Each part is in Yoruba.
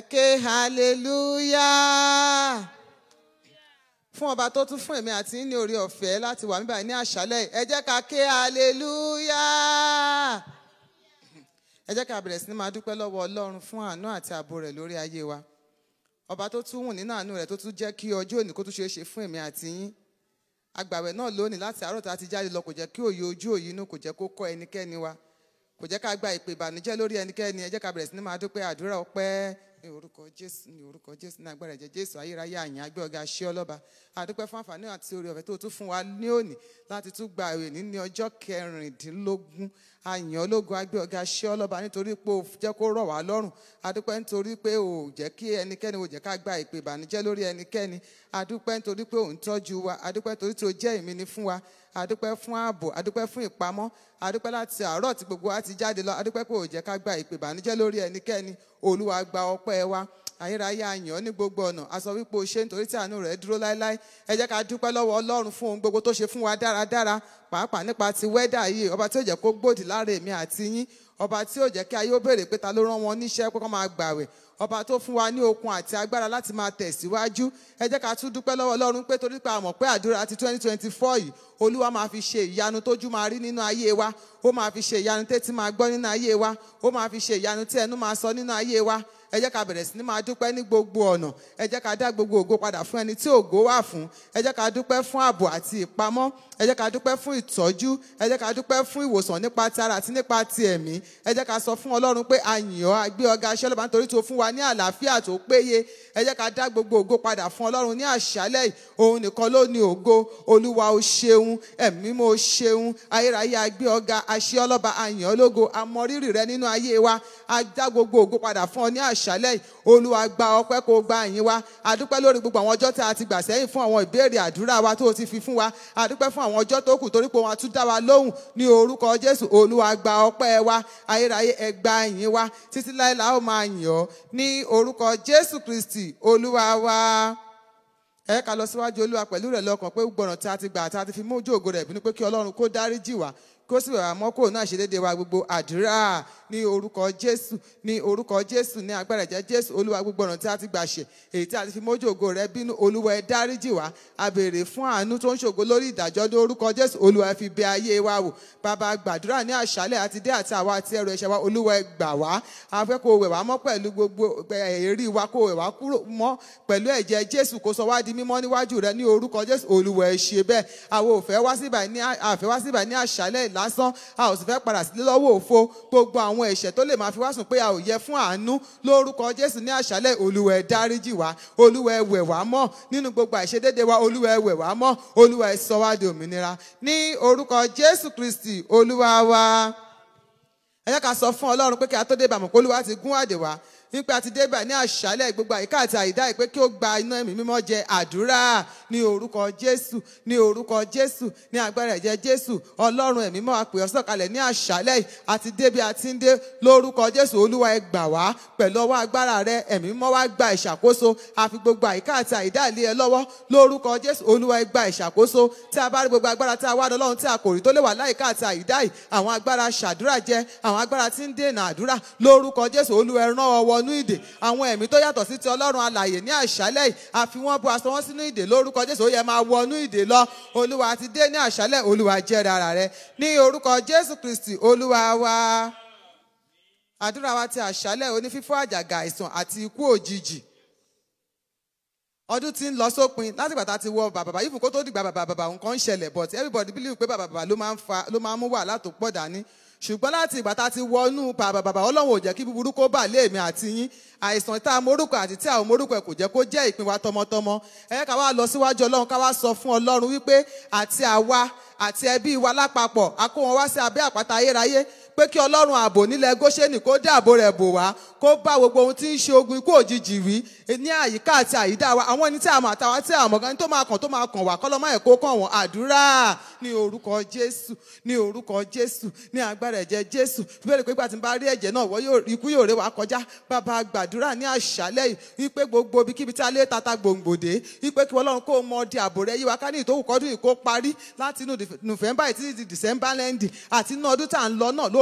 ẹ hallelujah fún ọba tó tún fún èmi àti ní orí ọ̀fẹ́ láti wà níbàyí ní àṣálẹ́ ẹ jẹ́ ká ké hallelujah ẹ jẹ́ ká bẹ̀rẹ̀ sí ní máa dúpẹ́ lọ́wọ́ Ọlọ́run fún àánú àti ààbò rẹ̀ lórí ayé wa ọba tó tún wùn nínú àánú rẹ̀ tó tún jẹ́ kí ọjọ́ òní kó tún ṣeé ṣe fún èmi àti yín agbàwẹ̀ náà lónìí láti àárọ̀ tá a ti jáde lọ kò jẹ́ kí òye ojú òye inú kò jẹ́ kó kọ́ ẹnikẹ́ni wa kò jẹ́ ká gba ìpè ìbànújẹ́ lórí ẹnikẹ́ni ẹ jẹ́ ká bẹ̀rẹ̀ sí ní máa dúpẹ́ àdúrà ọpẹ́ ní orúkọ jésù ní orúkọ jésù ní agbára ẹ̀jẹ̀ jésù ayérayé àyàn agbẹ́ọ̀gá ṣé ọlọ́ba àdúpẹ́ fún àǹfààní àti oore ọ̀fẹ́ tó tún fún wa ní òní láti tún gba àwẹ̀ ní ní kẹrìndínlógún àyàn ológun agbé ọ̀gá ṣé ọlọ́ba nítorí pé o jẹ́ kó rọ̀ wá lọ́rùn adúpẹ́ nítorí pé o jẹ́ kí ẹnikẹ́ni o jẹ́ ká gba ìpè ìbànújẹ́ lórí ẹnikẹ́ni adúpẹ́ nítorí pé o ń tọ́jú wa adúpẹ́ nítorí tí o jẹ́ ìmíní fún wa adúpẹ́ fún ààbò adúpẹ́ fún ìpamọ́ adúpẹ́ láti àárọ̀ tí gbogbo wa ti jáde lọ adúpẹ́ pé o jẹ́ ká gba ìpè ìbànújẹ́ lórí ẹnikẹ́ni olúwa gba ọpẹ́ wa ayérayé àyàn ní gbogbo ọ̀nà a sọ wípé o ṣe nítorí tí àánú rẹ̀ dúró láéláé ẹ jẹ́ ká dúpẹ́ lọ́wọ́ ọlọ́run fún ohun gbogbo tó ṣe fún wa dáradára pàápàá nípa ti wẹ́dà yìí ọba tí ó jẹ́ kó gbòdì lára èmi àti yín ọba tí ó jẹ́ kí ayé ó béèrè pé ta ló rán wọn níṣẹ́ pé kó máa gbàwẹ̀ ọba tó fún wa ní okun àti agbára láti máa tẹ̀síwájú ẹ jẹ́ ká tún dúpẹ́ lọ́wọ́ ọlọ́run pé torí pé a mọ̀ pé àdúrà ti twenty yìí olúwa máa fi ṣe ìyanu tójú máa rí nínú ayé wa ó máa fi ṣe ìyanu tétí máa gbọ́ nínú ayé wa ó máa fi ṣe ìyanu tí ẹnu máa sọ nínú ayé wa ẹ jẹ́ ká bẹ̀rẹ̀ sí ní máa dúpẹ́ ní gbogbo ọ̀nà ẹ jẹ́ ká dá gbogbo ògo padà fún ẹni tí ògo wà fún ẹ jẹ́ ká dúpẹ́ fún ààbò àti ìpamọ́ ẹ jẹ́ ká dúpẹ́ fún ìtọ́jú ẹ jẹ́ ká dúpẹ́ fún ìwòsàn nípa ti ara àti nípa ti ẹ̀mí ẹ jẹ́ ká sọ fún ọlọ́run pé àyìn ọ́ àgbé ọ̀gá aṣẹ́ lọ́ba nítorí tó fún wa ní àlàáfíà tó péye ẹ jẹ́ ká dá gbogbo ògo padà fún ọlọ́run ní àṣálẹ̀ òun nìkan ló ní ògo olúwa o ṣeun ẹ̀mí mo ṣeun ayérayé àgbé ọ̀gá aṣẹ́ ọlọ́ba àyìn ọ́ lógo amọrírì rẹ nínú ayé wa a dá gbogbo ògo padà fún ọ ní àṣ àṣálẹ́ yìí olúwa gba ọpẹ́ kó gba ìyìn wa àdúpẹ́ lórí gbogbo àwọn ọjọ́ tí a ti gbà sẹ́yìn fún àwọn ìbéèrè àdúrà wa tó ti fi fún wa àdúpẹ́ fún àwọn ọjọ́ tó kù torí pé wọn a tún dá wa lóhùn ní orúkọ jésù olúwa gba ọpẹ́ wa ayérayé ẹ gba wa títí láé la ó máa yìn ọ́ ní orúkọ jésù kristi olúwa wa ẹ ká lọ síwájú olúwa pẹ̀lú rẹ̀ lọ́kàn pé gbọ̀ràn tí a ti gbà àti a ti fi mú ojú ògo rẹ̀ bínú pé kí ọlọ́run kó dáríjì wá kó sì wà mọ́ kó náà ṣe déédéé wa gbogbo àdúrà ní orúkọ jésù ní orúkọ jésù ní agbára ìjẹ jésù olúwa gbogbo ọ̀nà tí a ti gbà ṣe èyí tí a ti fi mójú ògo rẹ bínú olúwa ẹ dáríjì wá a béèrè fún àánú tó ń ṣògo lórí ìdájọ́ ní orúkọ jésù olúwa ẹ fi bẹ̀ ayé wa wò bàbá gbàdúrà ní àṣálẹ́ àti dé àti àwa àti ẹrù ẹ̀ṣẹ̀ wa olúwa ẹ gbà wá a fẹ́ wẹ̀ wá mọ́ pẹ̀lú gbogbo èrí wa kó wẹ̀ wá kúrò mọ́ pẹ̀lú ẹ̀jẹ̀ jésù kó sọ wá di mímọ́ níwájú rẹ ní orúkọ jésù olúwa ẹ ṣe bẹ́ẹ̀ àwọn òfẹ́ wá síbà ní àṣálẹ́ ìlà lásán a ò sì fẹ́ padà sílé lọ́wọ́ òfo gbogbo àwọn ẹ̀ṣẹ̀ tó lè máa fi wá sùn pé a ò yẹ fún àánú lórúkọ Jésù ní àṣálẹ́ Olúwa ẹ dáríjì wá Olúwa ẹ wẹ̀ wá mọ́ nínú gbogbo àìṣedéédé wa Olúwa ẹ wẹ̀ wá mọ́ Olúwa ẹ sọ wá di òmìnira ní orúkọ Jésù Kristi Olúwa wa ẹ jẹ́ ká sọ fún Ọlọ́run pé kí a tó dé ìbàmù kó Olúwa ti gún àdè wá nípa ti dé báyìí ní àṣálẹ́ gbogbo àyíká àti àyídá ìpé kí ó gba iná ẹ̀mí mímọ́ jẹ àdúrà ní orúkọ Jésù ní orúkọ Jésù ní agbára ẹ̀jẹ̀ Jésù Ọlọ́run ẹ̀mí mọ́ àpè ọ̀sọ̀kalẹ̀ ní àṣálẹ́ àti débi àti ń dé lórúkọ Jésù Olúwa ẹ gbà wá pẹ̀lú ọwọ́ agbára rẹ ẹ̀mí mọ́ wá gba ìṣàkóso àfi gbogbo àyíká àti àyídá ilé ẹ lọ́wọ́ lórúkọ Jésù Olúwa ẹ gba ìṣàkóso tí a bá rí gbogbo agbára tí a wá lọ́lọ́run tí a kò rí tó lè wà láyìíká àti àyídá yìí àwọn agbára ṣàdúrà jẹ àwọn agbára tí ń dènà àdúrà lórúkọ Jésù Olúwa ẹ rán ọwọ́ wọnú ìdè àwọn ẹ̀mí tó yàtọ̀ sí ti ọlọ́run alàyè ní àṣálẹ̀ yìí a fi wọ́n bu aṣọ wọn sínú ìdè lórúkọ jésù ó yẹ máa wọnú ìdè lọ olúwa ti dé ní àṣálẹ̀ olúwa jẹ́ ara rẹ ní orúkọ jésù kristi olúwa wa àdúrà wa ti àṣálẹ̀ onífífọ́ àjàgà àìsàn àti ikú òjijì ọdún tí ń lọ sópin látìgbà tá a ti wọ bàbàbà yìí fún dìgbà bàbàbà nǹkan ń ṣẹlẹ̀ but everybody believe pé bàbàbà ló máa ń fa ló máa ń mú wàhálà tó pọ̀ dání ṣùgbọ́n láti ìgbà tá a ti wọnú bàbàbàbà ọlọ́run ò jẹ́ kí búburú kó bà lé èmi àti yín àìsàn tá a morúkọ àti tí a ò morúkọ ẹ̀ kò jẹ́ kó jẹ́ ìpín wa tọmọtọmọ ẹ ká wá lọ síwájú ọlọ́run ká sọ fún ọlọ́run wípé àti àwa àti ẹbí wa lápapọ̀ a wọn wá sí abẹ́ àpáta ayérayé pé kí ọlọ́run ààbò nílẹ̀ góṣẹ́nì kó dáàbò rẹ̀ bò wá kó bá gbogbo ohun tí ń ṣe ogun ikú òjijì wí ní àyíká àti àyídá wa àwọn ẹni tí a mọ̀ àtàwọn tí a mọ̀ gan tó máa kàn tó máa kàn wá kọ́lọ́mọ́ ẹ̀ kó kàn wọ́n àdúrà ní orúkọ jésù ní orúkọ jésù ní agbára ẹ̀jẹ̀ jésù bíbélì pé gbàtí n bá rí ẹ̀jẹ̀ náà wọ́n ikú yóò ré wa kọjá bàbá gbàdúrà ní àṣálẹ́ yìí wípé gbogbo ibikíbi tí a lé tata gbòǹgbòdè wípé kí ọlọ́run kó di ààbò rẹ yíwa ká ní ìtòwù kọ́dún ìkó parí láti inú nùfẹ̀mbà yìí títí di dìsẹ́mbà lẹ́ndì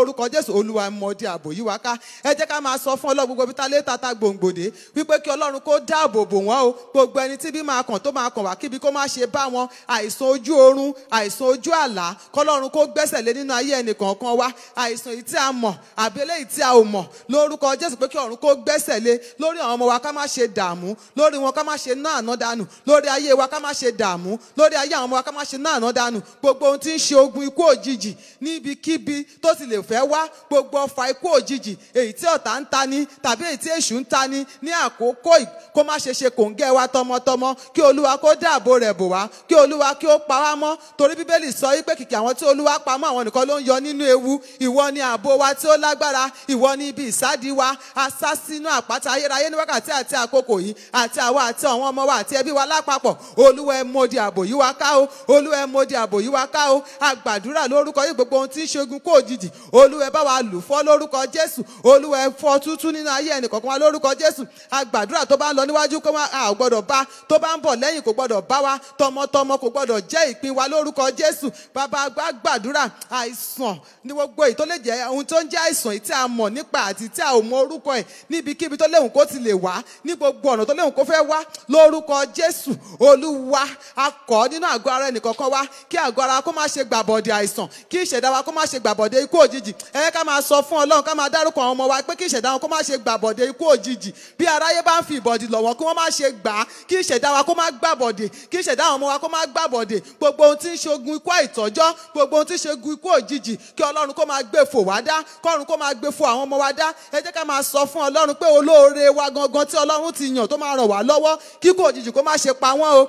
orúkọ jésù olúwa mọ di ààbò yìí wá ká ẹ jẹ́ ká máa sọ fún ọlọ́run gbogbo bíta létà tá gbòǹgbòdè wípé kí ọlọ́run kó dáàbò bò wọ́n o gbogbo ẹni tí bí máa kàn tó máa kàn wá kíbi kó má ṣe bá wọn àìsàn ojú oorun àìsàn ojú àlá kọlọ́run kó gbẹ́sẹ̀ lé nínú ayé ẹnì kọ̀ọ̀kan wa àìsàn yìí tí a mọ̀ àbí eléyìí tí a ò mọ̀ lórúkọ jésù pé kí ọ̀run kó gbẹ́sẹ̀ lé lórí àwọn ọmọ wa ká má ṣe dààmú ìfẹ́ wá gbogbo ọfà ikú òjijì èyí tí ọ̀tá ń ta ni tàbí èyí tí èṣù ń ta ni ní àkókò kó má ṣe ṣe kòǹgẹ́ wa tọmọtọmọ kí olúwa kó dáàbò rẹ̀ bò wá kí olúwa kí ó pa wá mọ́ torí bíbélì sọ wípé kìkì àwọn tí olúwa pa mọ́ àwọn nìkan ló ń yọ nínú ewu ìwọ ni ààbò wa tí ó lágbára ìwọ ni ibi ìsádi wa asá sínú àpáta ayérayé ní wákàtí àti àkókò yìí àti àwa àti àwọn ọmọ wa àti ẹbí wa lápapọ̀ olúwa ẹ mọ̀dì ààbò yìí wá ká o olúwa ẹ mọ̀dì ààbò yìí wá ká o àgbàdúrà lórúkọ yìí gbogbo ohun tí ń ṣogun kó òjijì olúwa ẹ bá wa lù fọ́ lórúkọ jésù olúwa ẹ fọ́ tútú nínú ayé ẹnìkọ̀ọ̀kan wa lórúkọ jésù agbàdúrà tó bá ń lọ níwájú kó má a gbọ́dọ̀ bá tó bá ń bọ̀ lẹ́yìn kò gbọ́dọ̀ bá wa tọmọtọmọ kò gbọ́dọ̀ jẹ́ ìpín wa lórúkọ jésù bàbá àgbà gbàdúrà àìsàn ní gbogbo èyí tó lè jẹ́ ohun tó ń jẹ́ àìsàn tí a mọ̀ nípa àti tí a ò mọ orúkọ ẹ̀ níbikíbi tó léhùn kó ti lè wá ní gbogbo ọ̀nà tó léhùn kó fẹ́ wá lórúkọ jésù olúwa a kọ̀ nínú àgọ́ ara ẹnìkọ̀ọ̀kan wa kí àgọ́ ara kó má ṣe gbàbọ̀dẹ̀ àìsàn kí ìṣẹ̀dá wa kó má ṣe gbàbọ̀dẹ̀ ikú òjijì òjijì ẹ ká máa sọ fún ọlọ́run ká máa dárúkọ àwọn ọmọ wa pé kí ìṣẹ̀dá wọn kó má ṣe gbàbọ̀dé ikú òjijì bí aráyé bá ń fi ìbọ̀dì lọ̀ wọ́n kí wọ́n má ṣe gbà á kí ìṣẹ̀dá wa kó má gbàbọ̀dé kí ìṣẹ̀dá àwọn ọmọ wa kó má gbàbọ̀dé gbogbo ohun tí ń ṣogun ikú àìtọ́jọ́ gbogbo ohun tí ń ṣogun ikú òjijì kí ọlọ́run kó máa gbé fò wá dá kọ́run kó máa gbé fò àwọn ọmọ wa dá ẹ jẹ́ ká máa sọ fún ọlọ́run pé olóore wa gangan tí ọlọ́run ti yàn tó máa ràn wá lọ́wọ́ kíkú òjijì kó má ṣe pa wọ́n o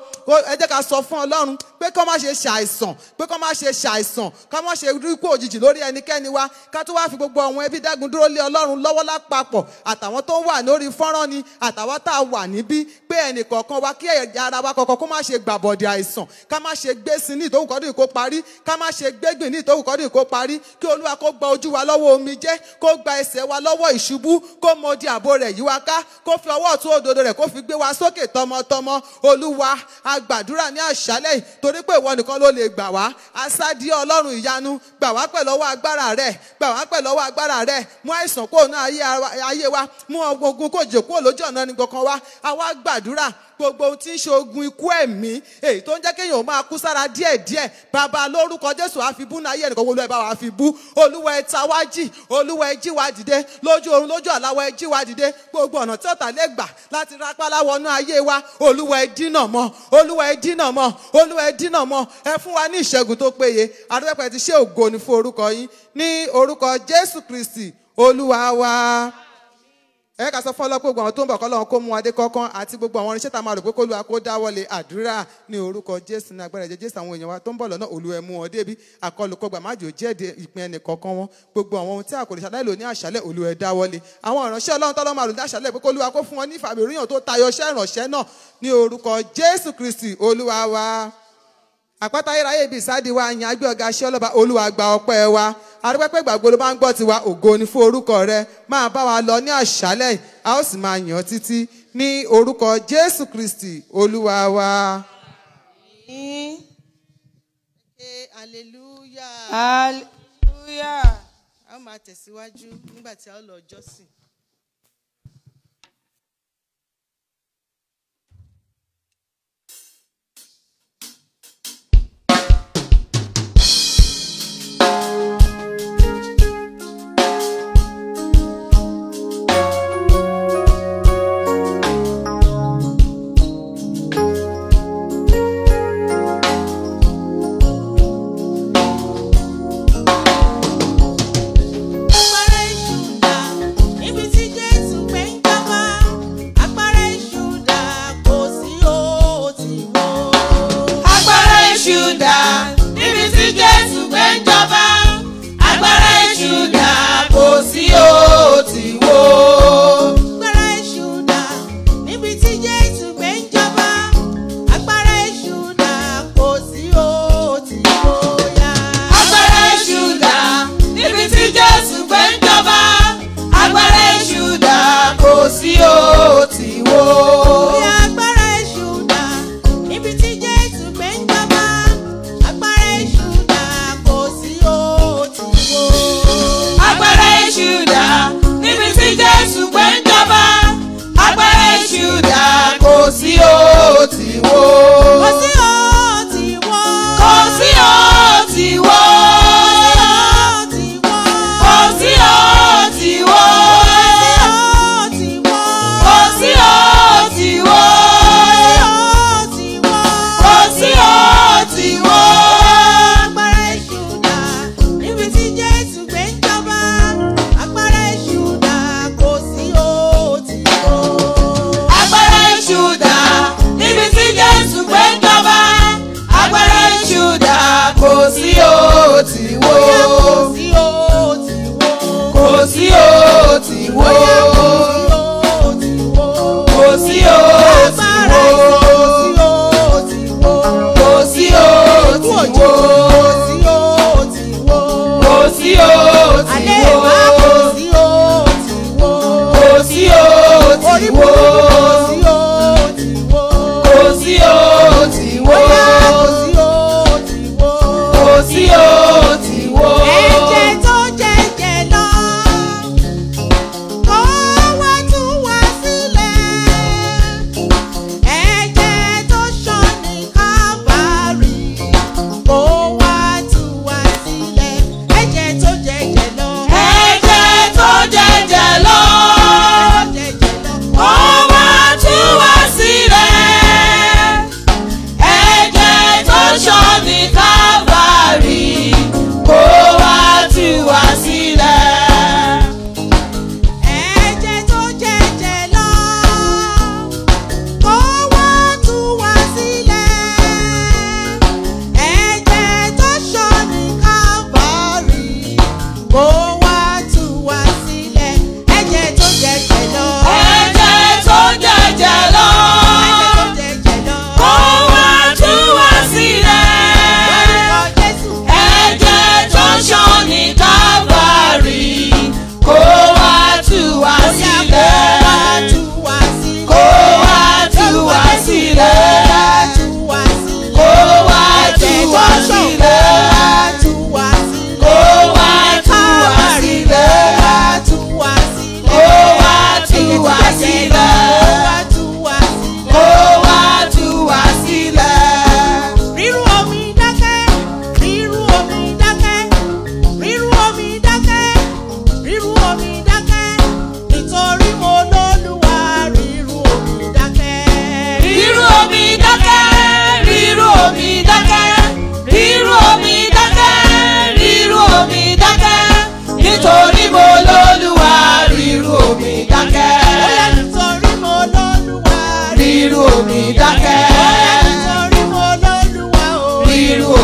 ẹ jẹ́ ká sọ fún ọlọ́run pé kó má ṣe ṣàìsàn pé kó má ṣe ṣàìsàn kó má ṣe rí ikú òjijì lórí ẹnikẹ́ni wa ká tó wá fi gbogbo àwọn ẹbí dẹ́gun dúró lé ọlọ́run lọ́wọ́ lápapọ̀ àtàwọn tó ń wà lórí fọ́nrán ni àtàwọn tá a wà níbí pé ẹnì kọ̀ọ̀kan wa kí ẹ̀yà ara wa kọ̀ọ̀kan kó má ṣe gbàbọ̀dẹ̀ àìsàn ká má ṣe gbé sin ní ìtòwù kọ́dún ìkó parí ká má ṣe gbégbìn ní ìtòwù kọ́dún ìkó parí kí olúwa kó gba ojú wa lọ́wọ́ omijé kó gba ẹsẹ̀ wa lọ́wọ́ ìṣubú kó mọ di ààbò rẹ̀ yí wa ká kó fi ọwọ́ ọ̀tún òdodo rẹ̀ kó fi gbé wa sókè tọmọtọmọ olúwa a gbàdúrà ní àṣálẹ̀ torí pé ìwọ nìkan ló lè gbà wá asádìí ọlọ́run ìyanu gbà wá pẹ̀lú ọwọ́ agbára rẹ̀ gbà wá pẹ̀ lọ́wọ́ agbára rẹ mú àìsàn kúrò ní ayé wa mú ogun kò jẹ́ kúrò lójú ọ̀nà ẹnì gbọ̀ngàn wa àwa gbàdúrà gbogbo ohun tí ń ṣe ogun ikú ẹ̀mí èyí tó ń jẹ́ kéèyàn máa kú sára díẹ̀díẹ̀ bàbá lórúkọ Jésù àfibú náà ayé ẹnìkan olúwa ẹ bá wa fi bú olúwa ẹ ta wá jì olúwa ẹ jí wa dìde lójú oorun lójú àláwọ ẹ jí wa dìde gbogbo ọ̀nà tí ọ̀tá lè gbà láti rápálá wọnú ayé wa olúwa ẹ dínà mọ́ olúwa ẹ dínà mọ́ olúwa ẹ dínà mọ́ ẹ fún wa ní ìṣẹ́gun tó péye àdúpẹ́ ti ṣe ògo ni fún orúkọ yín ní orúkọ Jésù Kristi olúwa wa ẹ ká sọ fọlọ́ gbogbo àwọn tó ń bọ̀ kọ́lọ́run kó mú adé kọ́kán àti gbogbo àwọn irinṣẹ́ tá a máa rò pé kó lu akó dáwọ́lé àdúrà ní orúkọ jésù ní agbára ẹ̀jẹ̀ jésù àwọn èèyàn wa tó ń bọ̀ lọ́nà olú ẹ̀mú wọn débi àkọlùkọgbà májò jẹ́ẹ̀dẹ̀ ìpín ẹnì kọ̀ọ̀kan wọn gbogbo àwọn ohun tí a kò lè ṣàlàyé lò ní olú ẹ̀ dáwọ́lé àwọn ìránṣẹ́ ọlọ́run tọ́lọ́ máa rò ní àṣálẹ̀ pé kó lu akó fún wọn ní ìfàmì àpáta ayérayé ibi ìsádi wa yàn ágbé ọ̀gá ṣé ọlọ́ba olúwa gba ọpẹ́ wa arúgbẹ́pẹ́ gbàgbọ́ ló máa ń gbọ́ tiwa ògo ni fún orúkọ rẹ máa bá wa lọ ní àṣálẹ̀ a ó sì máa yàn títí ní orúkọ jésù kristi olúwa wa. hallelujah hallelujah a ó máa tẹ̀síwájú Jésù gbé ń jọba agbára èṣù dà kò sí ó ti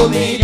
me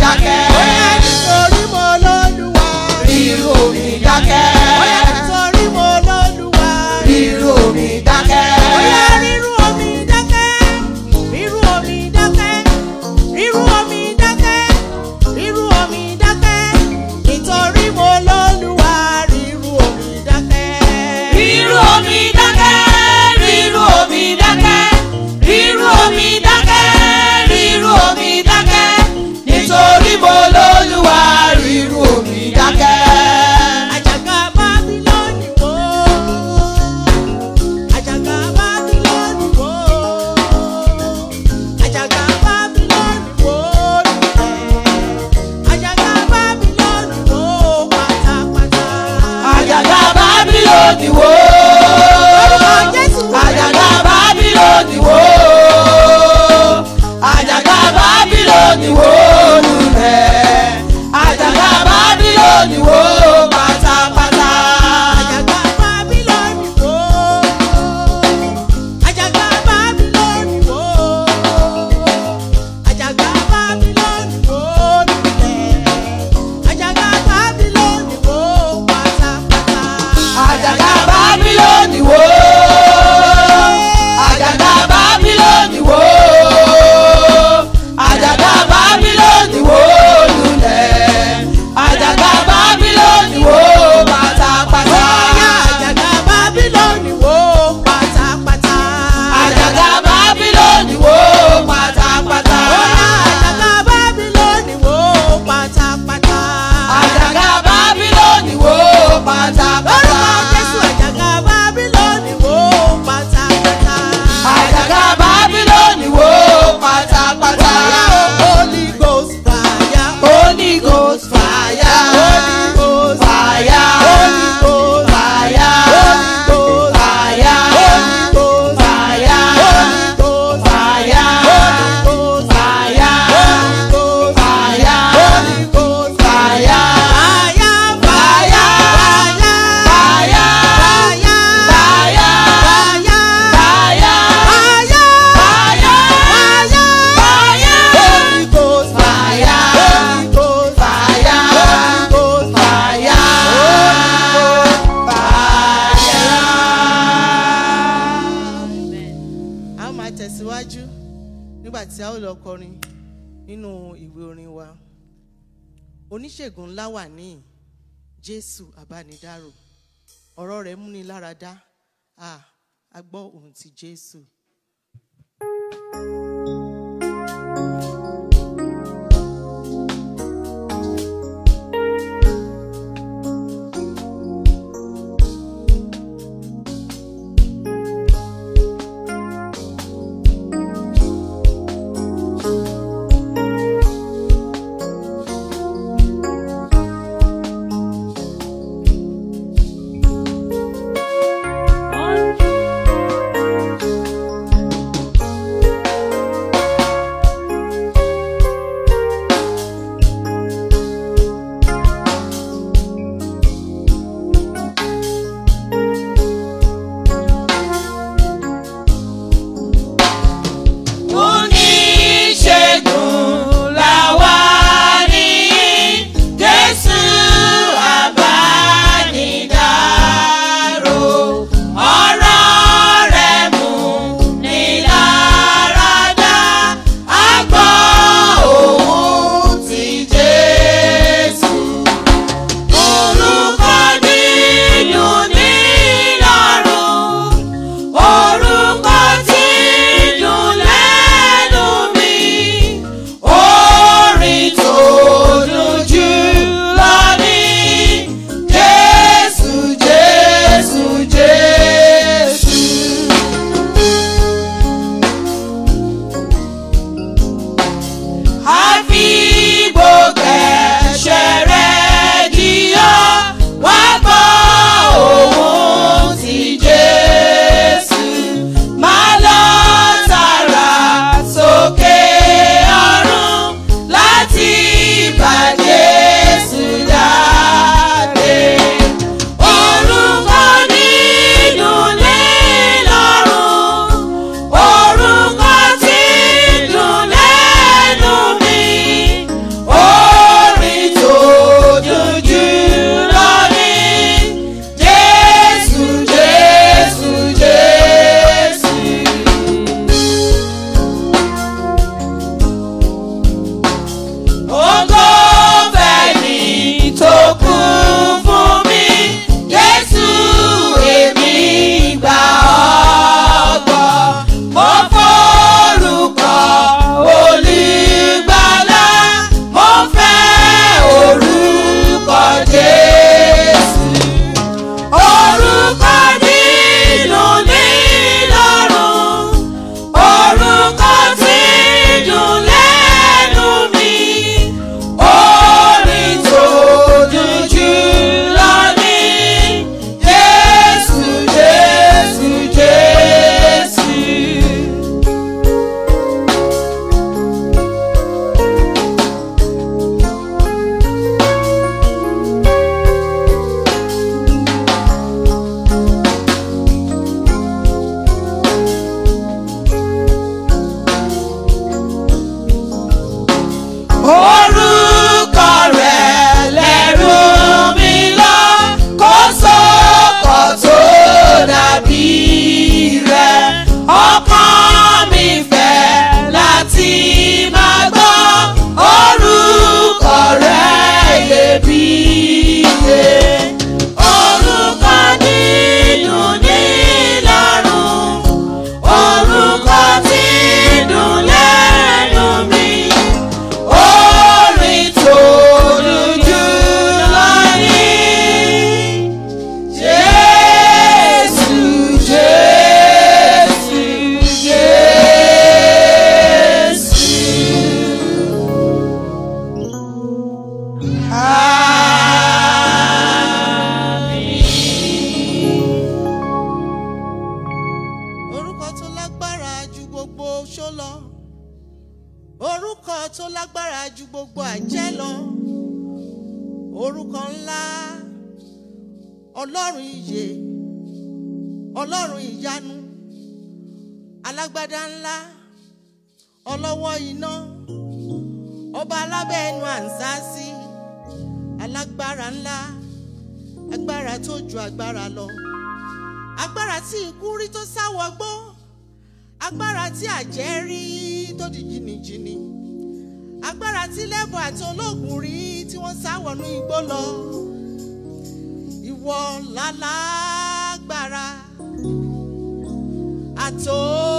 olùbánidárò ọ̀rọ̀ rẹ̀ múni lára dá a gbọ́ ohùn ti Jésù. thank you ọba alábẹ́ ẹnu àǹsá sí alágbára ńlá agbára tó ju agbára lọ agbára tí ikú rí tó sáwọ gbó agbára tí àjẹ́ rí tó di jìnnìjìnnì agbára tí lẹ́bọ̀ àti olóògùn rí tí wọ́n sáwọnú igbó lọ ìwọ lálágbára àtòó.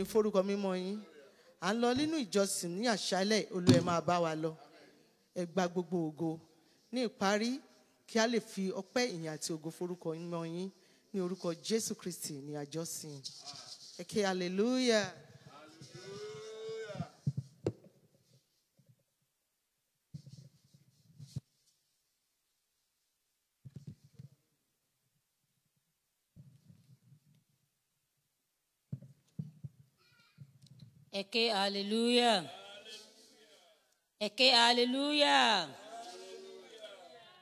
Ni forúkọ mímọ́ yín à ń lọ nínú ìjọsìn ní àṣálẹ́ olú ẹ máa bá wa lọ ẹ gba gbogbo ògo ní ìparí kí a lè fi ọpẹ́ ìyìn àti ògo forúkọ mímọ́ yín ní orúkọ Jésù Kristi ní àjọsìn ẹ ké hallelujah. Eke hallelujah. Eke hallelujah.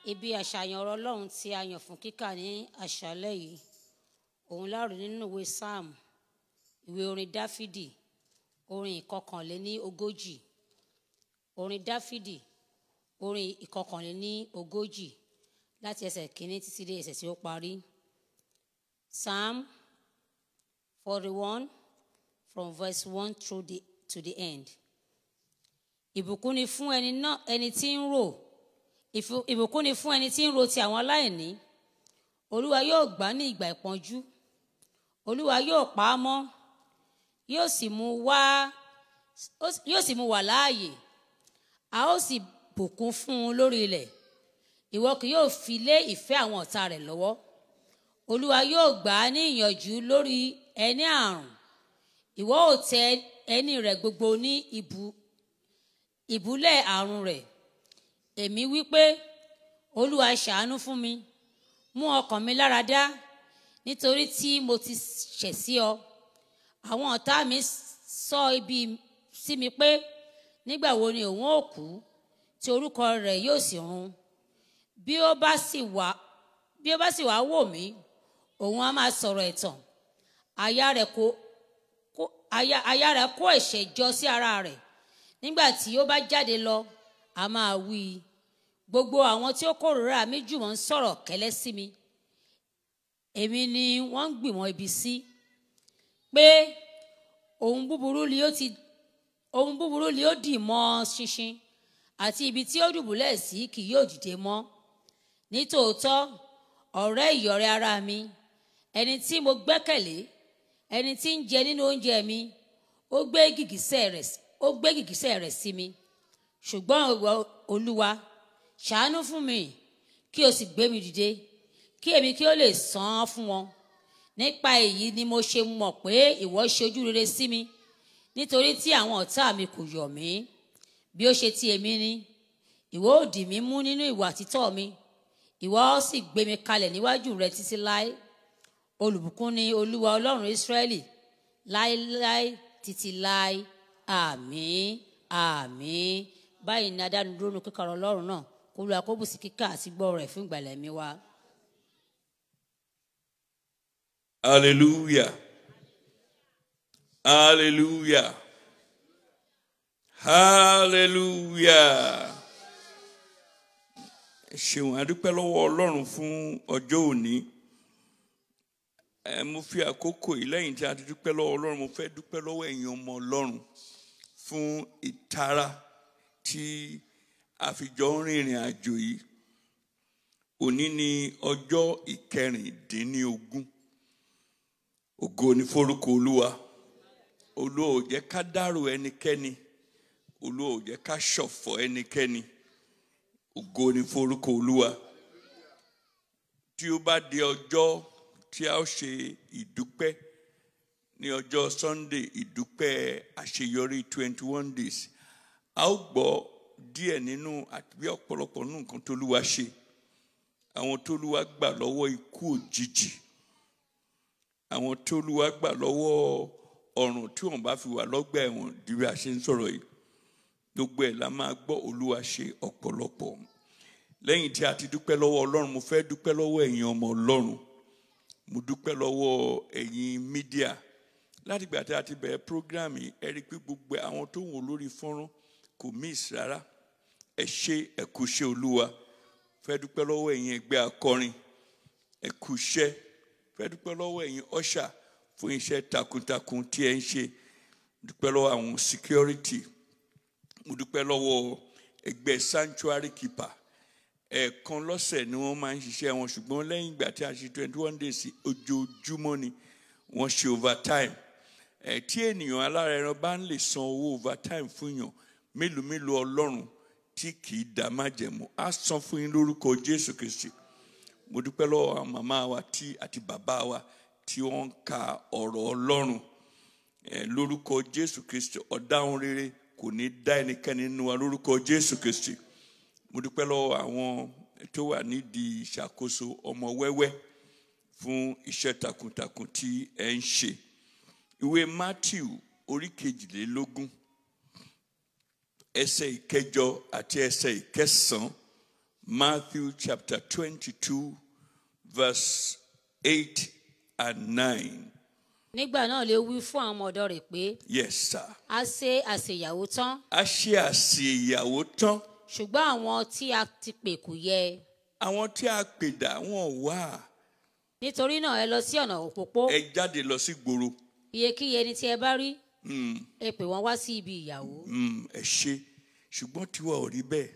Ibi àṣàyàn ọ̀rọ̀ Ọlọ́run tí a yàn fún kíkà ní àṣálẹ́ yìí. Òun láàrú nínú ìwé Sáàmù, ìwé orin Dáfídì, orin ìkọkànléní ogójì. Orin Dáfídì, orin ìkọkànléní ogójì láti ẹsẹ̀ kìíní títí dé ẹsẹ̀ tí ó parí. Psalm forty-one from verse one through the to the end. Ìbùkún ni fún ẹni náà ẹni tí ń rò ìbùkún ni fún ẹni tí ń rò ti àwọn aláìní. Olúwa yóò gbà ní ìgbà ìpọ́njú. Olúwa yóò pa á mọ́. Yóò sì mú wá yóò sì mú wà láàyè. A ó sì bùkún fún un lórí ilẹ̀. Ìwọ kì yóò fi lé ìfẹ́ àwọn ọ̀tá rẹ̀ lọ́wọ́. Olúwa yóò gbà á ní ìyànjú lórí ẹni àrùn ìwọ ò tẹ ẹni rẹ̀ gbogbo ní ìbú ìbúlẹ̀ àrùn rẹ̀ èmi wí pé olúwa ṣàánú fún mi mú ọkàn mi lára dá nítorí tí mo ti ṣẹ̀ sí ọ àwọn ọ̀tá mi sọ ibi sí mi pé nígbà wo ni òun ò kú tí orúkọ rẹ̀ yóò sì run bí ó bá sì wá bí ó bá sì wá wò mí òun á máa sọ̀rọ̀ ẹ̀tàn àyà rẹ̀ kò aya aya rẹ̀ kó ẹ̀ṣẹ̀ jọ sí ara rẹ̀ nígbà tí ó bá jáde lọ a máa wí i gbogbo àwọn tí ó kórìíra mi jù wọ́n ń sọ̀rọ̀ kẹ́lẹ́ sí mi èmi ni wọ́n ń gbìmọ̀ ibi sí pé ohun búburú ni ó ti ohun búburú ni ó dì mọ́ ṣinṣin àti ibi tí ó dùbúlẹ̀ sí kì yóò dìde mọ́ nítòótọ́ ọ̀rẹ́ ìyọ̀rẹ́ ara mi ẹni tí mo gbẹ́kẹ̀lé ẹni tí ń jẹ nínú oúnjẹ mi ó gbé gìgísẹ̀ rẹ̀ ó gbé gìgísẹ̀ rẹ̀ sí mi ṣùgbọ́n olúwa ṣàánú fún mi kí o sì gbé mi dìde kí èmi kí o lè san án fún wọn nípa èyí ni mo ṣe mọ̀ pé ìwọ ṣe ojú rere sí mi nítorí tí àwọn ọ̀tá mi kò yọ̀ mí bí ó ṣe ti èmi ni ìwọ ó dì mí mú nínú ìwà títọ́ mi ìwọ sì gbé mi kalẹ̀ níwájú rẹ títí láé olùbùkún ni olúwa ọlọ́run israẹli láéláé títí láé àmín àmín báyìí ni adánudúró nu ọlọ́run náà kó lu akóbùsì kíkà àti gbọ́ rẹ̀ fún ìgbàlẹ̀ mi wá. hallelujah hallelujah hallelujah ṣeun adúpẹ́ lọ́wọ́ ọlọ́run fún ọjọ́ òní mo fi àkókò yìí lẹ́yìn tí a ti dúpẹ́ lọ́wọ́ ọlọ́run mo fẹ́ dúpẹ́ lọ́wọ́ ẹ̀yin ọmọ ọlọ́run fún ìtara tí a fi jọ ń rìnrìn àjò yìí òní ni ọjọ́ ìkẹrìndínlógún ògo ni forúkọ olúwa olúwa ò jẹ́ ká dárò ẹnikẹ́ni olúwa ò jẹ́ ká ṣọ̀fọ̀ ẹnikẹ́ni ògo ni forúkọ olúwa tí ó bá di ọjọ́ tí a ó ṣe ìdúpẹ́ ní ọjọ́ Sunday ìdúpẹ́ àṣeyọrí twenty one days a ó gbọ́ díẹ̀ nínú àbí ọ̀pọ̀lọpọ̀ nínú nǹkan t'Olúwa ṣe àwọn t'Olúwa gbà lọ́wọ́ ikú òjijì àwọn t'Olúwa gbà lọ́wọ́ ọ̀rùn tí wọ́n bá fi wà lọ́gbà ẹ̀wọ̀n di bí a ṣe ń sọ̀rọ̀ yìí gbogbo ẹ̀ la máa gbọ́ Olúwa ṣe ọ̀pọ̀lọpọ̀ lẹ́yìn tí a ti dúpẹ́ lọ́wọ́ Ọlọ́run mo fẹ́ dúpẹ́ lọ́wọ́ ẹ̀yin ọmọ Ọlọ́run mo dúpẹ́ lọ́wọ́ ẹ̀yin mídíà láti gbà tí a ti bẹ̀rẹ̀ program yìí ẹ rí i pé gbogbo àwọn tó ń wò lórí fọ́nrán kò miss rárá ẹ ṣe ẹ kú iṣẹ́ olúwa fẹ́ dúpẹ́ lọ́wọ́ ẹ̀yin ẹgbẹ́ akọrin ẹ kú iṣẹ́ fẹ́ dúpẹ́ lọ́wọ́ ẹ̀yin ọ̀ṣà fún iṣẹ́ takuntakun tí ẹ ń ṣe dúpẹ́ lọ́wọ́ àwọn security mo dúpẹ́ lọ́wọ́ ẹgbẹ́ sanctuary keeper ẹ̀ẹ̀kan lọ́sẹ̀ ni wọ́n máa ń ṣiṣẹ́ wọn ṣùgbọ́n lẹ́yìn ìgbà tí a ṣe twenty one days ojoojúmọ́ ni wọ́n ṣe overtime ẹ̀ tí ènìyàn alára ẹran bá ń lè san owó overtime fún yàn mélòó mélòó ọlọ́run tí kì í dá májẹ̀mú á san fún yín lórúkọ Jésù Kristi mo dúpẹ́ lọ́wọ́ àwọn màmá wa tí àti bàbá wa tí wọ́n ń ka ọ̀rọ̀ ọlọ́run ẹ̀ lórúkọ Jésù Kristi ọ̀daràn rere kò ní dá ẹnikẹ́ni nínú wa lórúkọ Jésù Kristi mo dúpẹ́ lọ́wọ́ àwọn tó wà nídìí ìṣàkóso ọmọ wẹ́wẹ́ fún iṣẹ́ takuntakun tí ẹ ń ṣe ìwé Matthew orí kejìlélógún ẹsẹ̀ ìkẹjọ àti ẹsẹ̀ ìkẹsàn-án Matthew chapter twenty-two verse eight and nine. Nígbà náà lè wí fún àwọn ọ̀dọ́ rẹ̀ pé. Yes sir. A ṣe àsèyàwó tán. A ṣe àsèyàwó tán ṣùgbọ́n àwọn tí a ti pè kò yẹ. àwọn tí a pè dà wọ́n wá. nítorí náà ẹ lọ sí ọ̀nà òpópó. ẹ jáde lọ sí gbòòrò. iyekíye ẹni tí ẹ bá rí. Hmm. ẹ pè wọ́n wá sí ibi ìyàwó. Hmm, ẹ ṣe ṣùgbọ́n tiwa ò rí bẹ́ẹ̀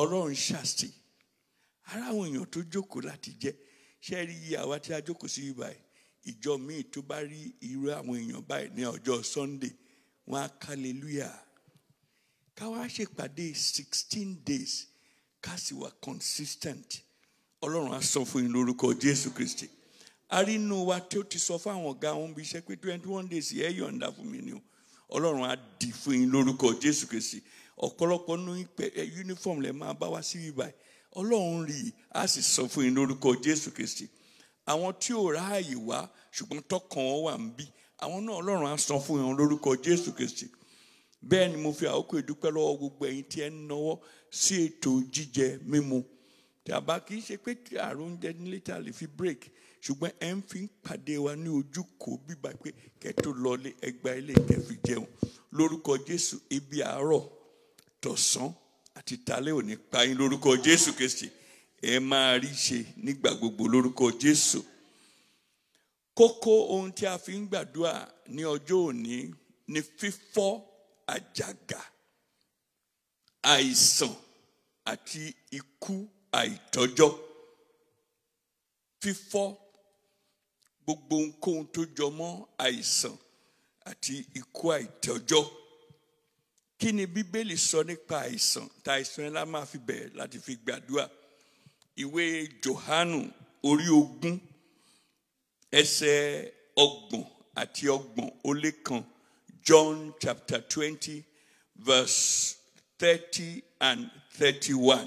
ọlọ́run ṣàṣì ara àwọn èèyàn tó jókòó láti jẹ ṣe rí àwa tí a jókòó sí ibàyìí ìjọ míì tó bá rí irú àwọn èèyàn báyìí ní ọjọ́ Sunday wọn á kálẹ̀ lúyà ká wá ṣèpàdé sixteen days ká sì wà consistent ọlọ́run á sọ fún yín lórúkọ jésù kristi arínú wa tí ó ti sọ fún àwọn ọ̀gá òun bí iṣẹ́ pé twenty one days yẹ́ yọ̀ǹda fún mi ni o ọlọ́run á dì fún yín lórúkọ jésù kristi ọ̀pọ̀lọpọ̀ nú uniform lẹ̀ máa bá wá sí ibà ọlọ́run rí i á sì sọ fún yín lórúkọ jésù kristi àwọn tí ò ráàyè wá ṣùgbọ́n tọkàn wọn wà ń bí àwọn náà ọlọ́run á sọ fún yín lórúkọ jésù kristi bẹ́ẹ̀ ni mo fi àkókò ìdúpẹ́ lọ́wọ́ gbogbo ẹ̀yin tí ẹ ń náwó sí ètò jíjẹ mímu tàbá kì í ṣe pé àrùn jẹ nílé tí a lè fi break ṣùgbọ́n ẹ ń fi pàdé wa ní ojú kò bíbá pé kẹ́tó lọlé ẹgbàá ilé kẹfì jẹun lórúkọ Jésù ibi àárọ̀ tọ̀sán àti talẹ́ òní payín lórúkọ Jésù Kristi ẹ máa rí ṣe nígbà gbogbo lórúkọ Jésù kókó ohun tí a fi ń gbàdúrà ní ọjọ́ òní ni fífọ́ àjàgà àìsàn àti ikú àìtọ́jọ́ fífọ́ gbogbo ohunkóhun tó jọ mọ́ àìsàn àti ikú àìtọ́jọ́ kí ni bíbélì sọ nípa àìsàn tá àìsàn yẹn la máa fi bẹ̀rẹ̀ láti fi gbàdúrà ìwé Jòhánù orí ogún ẹsẹ̀ ọgbọ̀n àti ọgbọ̀n ó lé kan. John chapter 20, verse 30 and 31.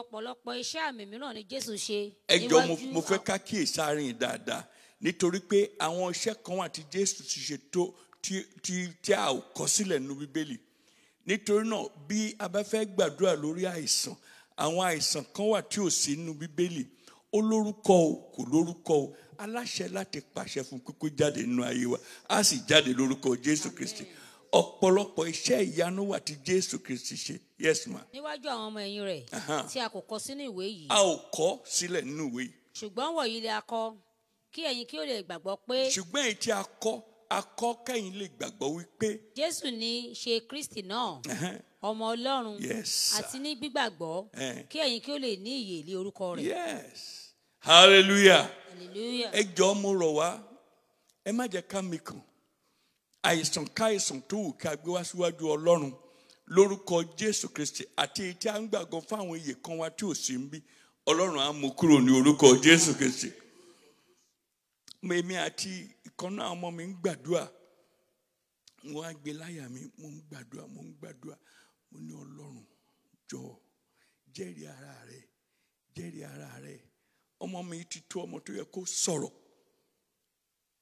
ọ̀pọ̀lọpọ̀ iṣẹ́ àmì mìíràn ni Jésù ṣe. ẹ jọ mo fẹ́ ká kíyèsí àárín dáadáa nítorí pé àwọn iṣẹ́ kan wà tí Jésù ti ṣe tó tí a ò kọ sílẹ̀ nínú Bíbélì nítorí náà bí a bá fẹ́ gbàdúrà lórí àìsàn àwọn àìsàn kan wà tí ò sí nínú Bíbélì ó lórúkọ o kò lórúkọ o aláṣẹ láti pàṣẹ fún kókó jáde nínú ayé wa a sì jáde lórúkọ Jésù Kristi ọ̀pọ̀lọpọ̀ iṣẹ́ ìyanu wà tí Jésù Kristi ṣe yes ma. níwájú àwọn ọmọ ẹ̀yìn rẹ̀ tí a kò kọ sínú ìwé yìí. a ò kọ sílẹ̀ nínú ìwé yìí. ṣùgbọ́n wọ̀nyí lè a kọ kí ẹ̀yin kí ó lè gbàgbọ́ pé. ṣùgbọ́n èyí tí a kọ a kọ kẹ́yìn lè gbàgbọ́ wípé. Jésù ni ṣe Kristi náà ọmọ Ọlọ́run àti ní gbígbàgbọ́ eh. kí ẹ̀yin kí ó lè ní ìyè lé orúkọ rẹ̀. yes hallelujah ẹ jọ mo rọ̀ wá ẹ má jẹ́ ká mi kàn àìsàn káìsàn tó wù ká gbé wá síwájú ọlọ́run lórúkọ jésù kristi àti èyí tí a ń gbàgbọ́ fáwọn iye kan wa tí ò sí ń bí ọlọ́run á mú kúrò ní orúkọ jésù kristi èmi àti ìkan náà ọmọ mi ń gbàdúrà wọn á gbé láyà mi mo ń gbàdúrà mo ń gbàdúrà mo ní ọlọ́run jọ jẹ́rìí ara rẹ jẹ́rìí ara rẹ ọmọ mi ti tó ọmọ tó yẹ kó sọ̀rọ̀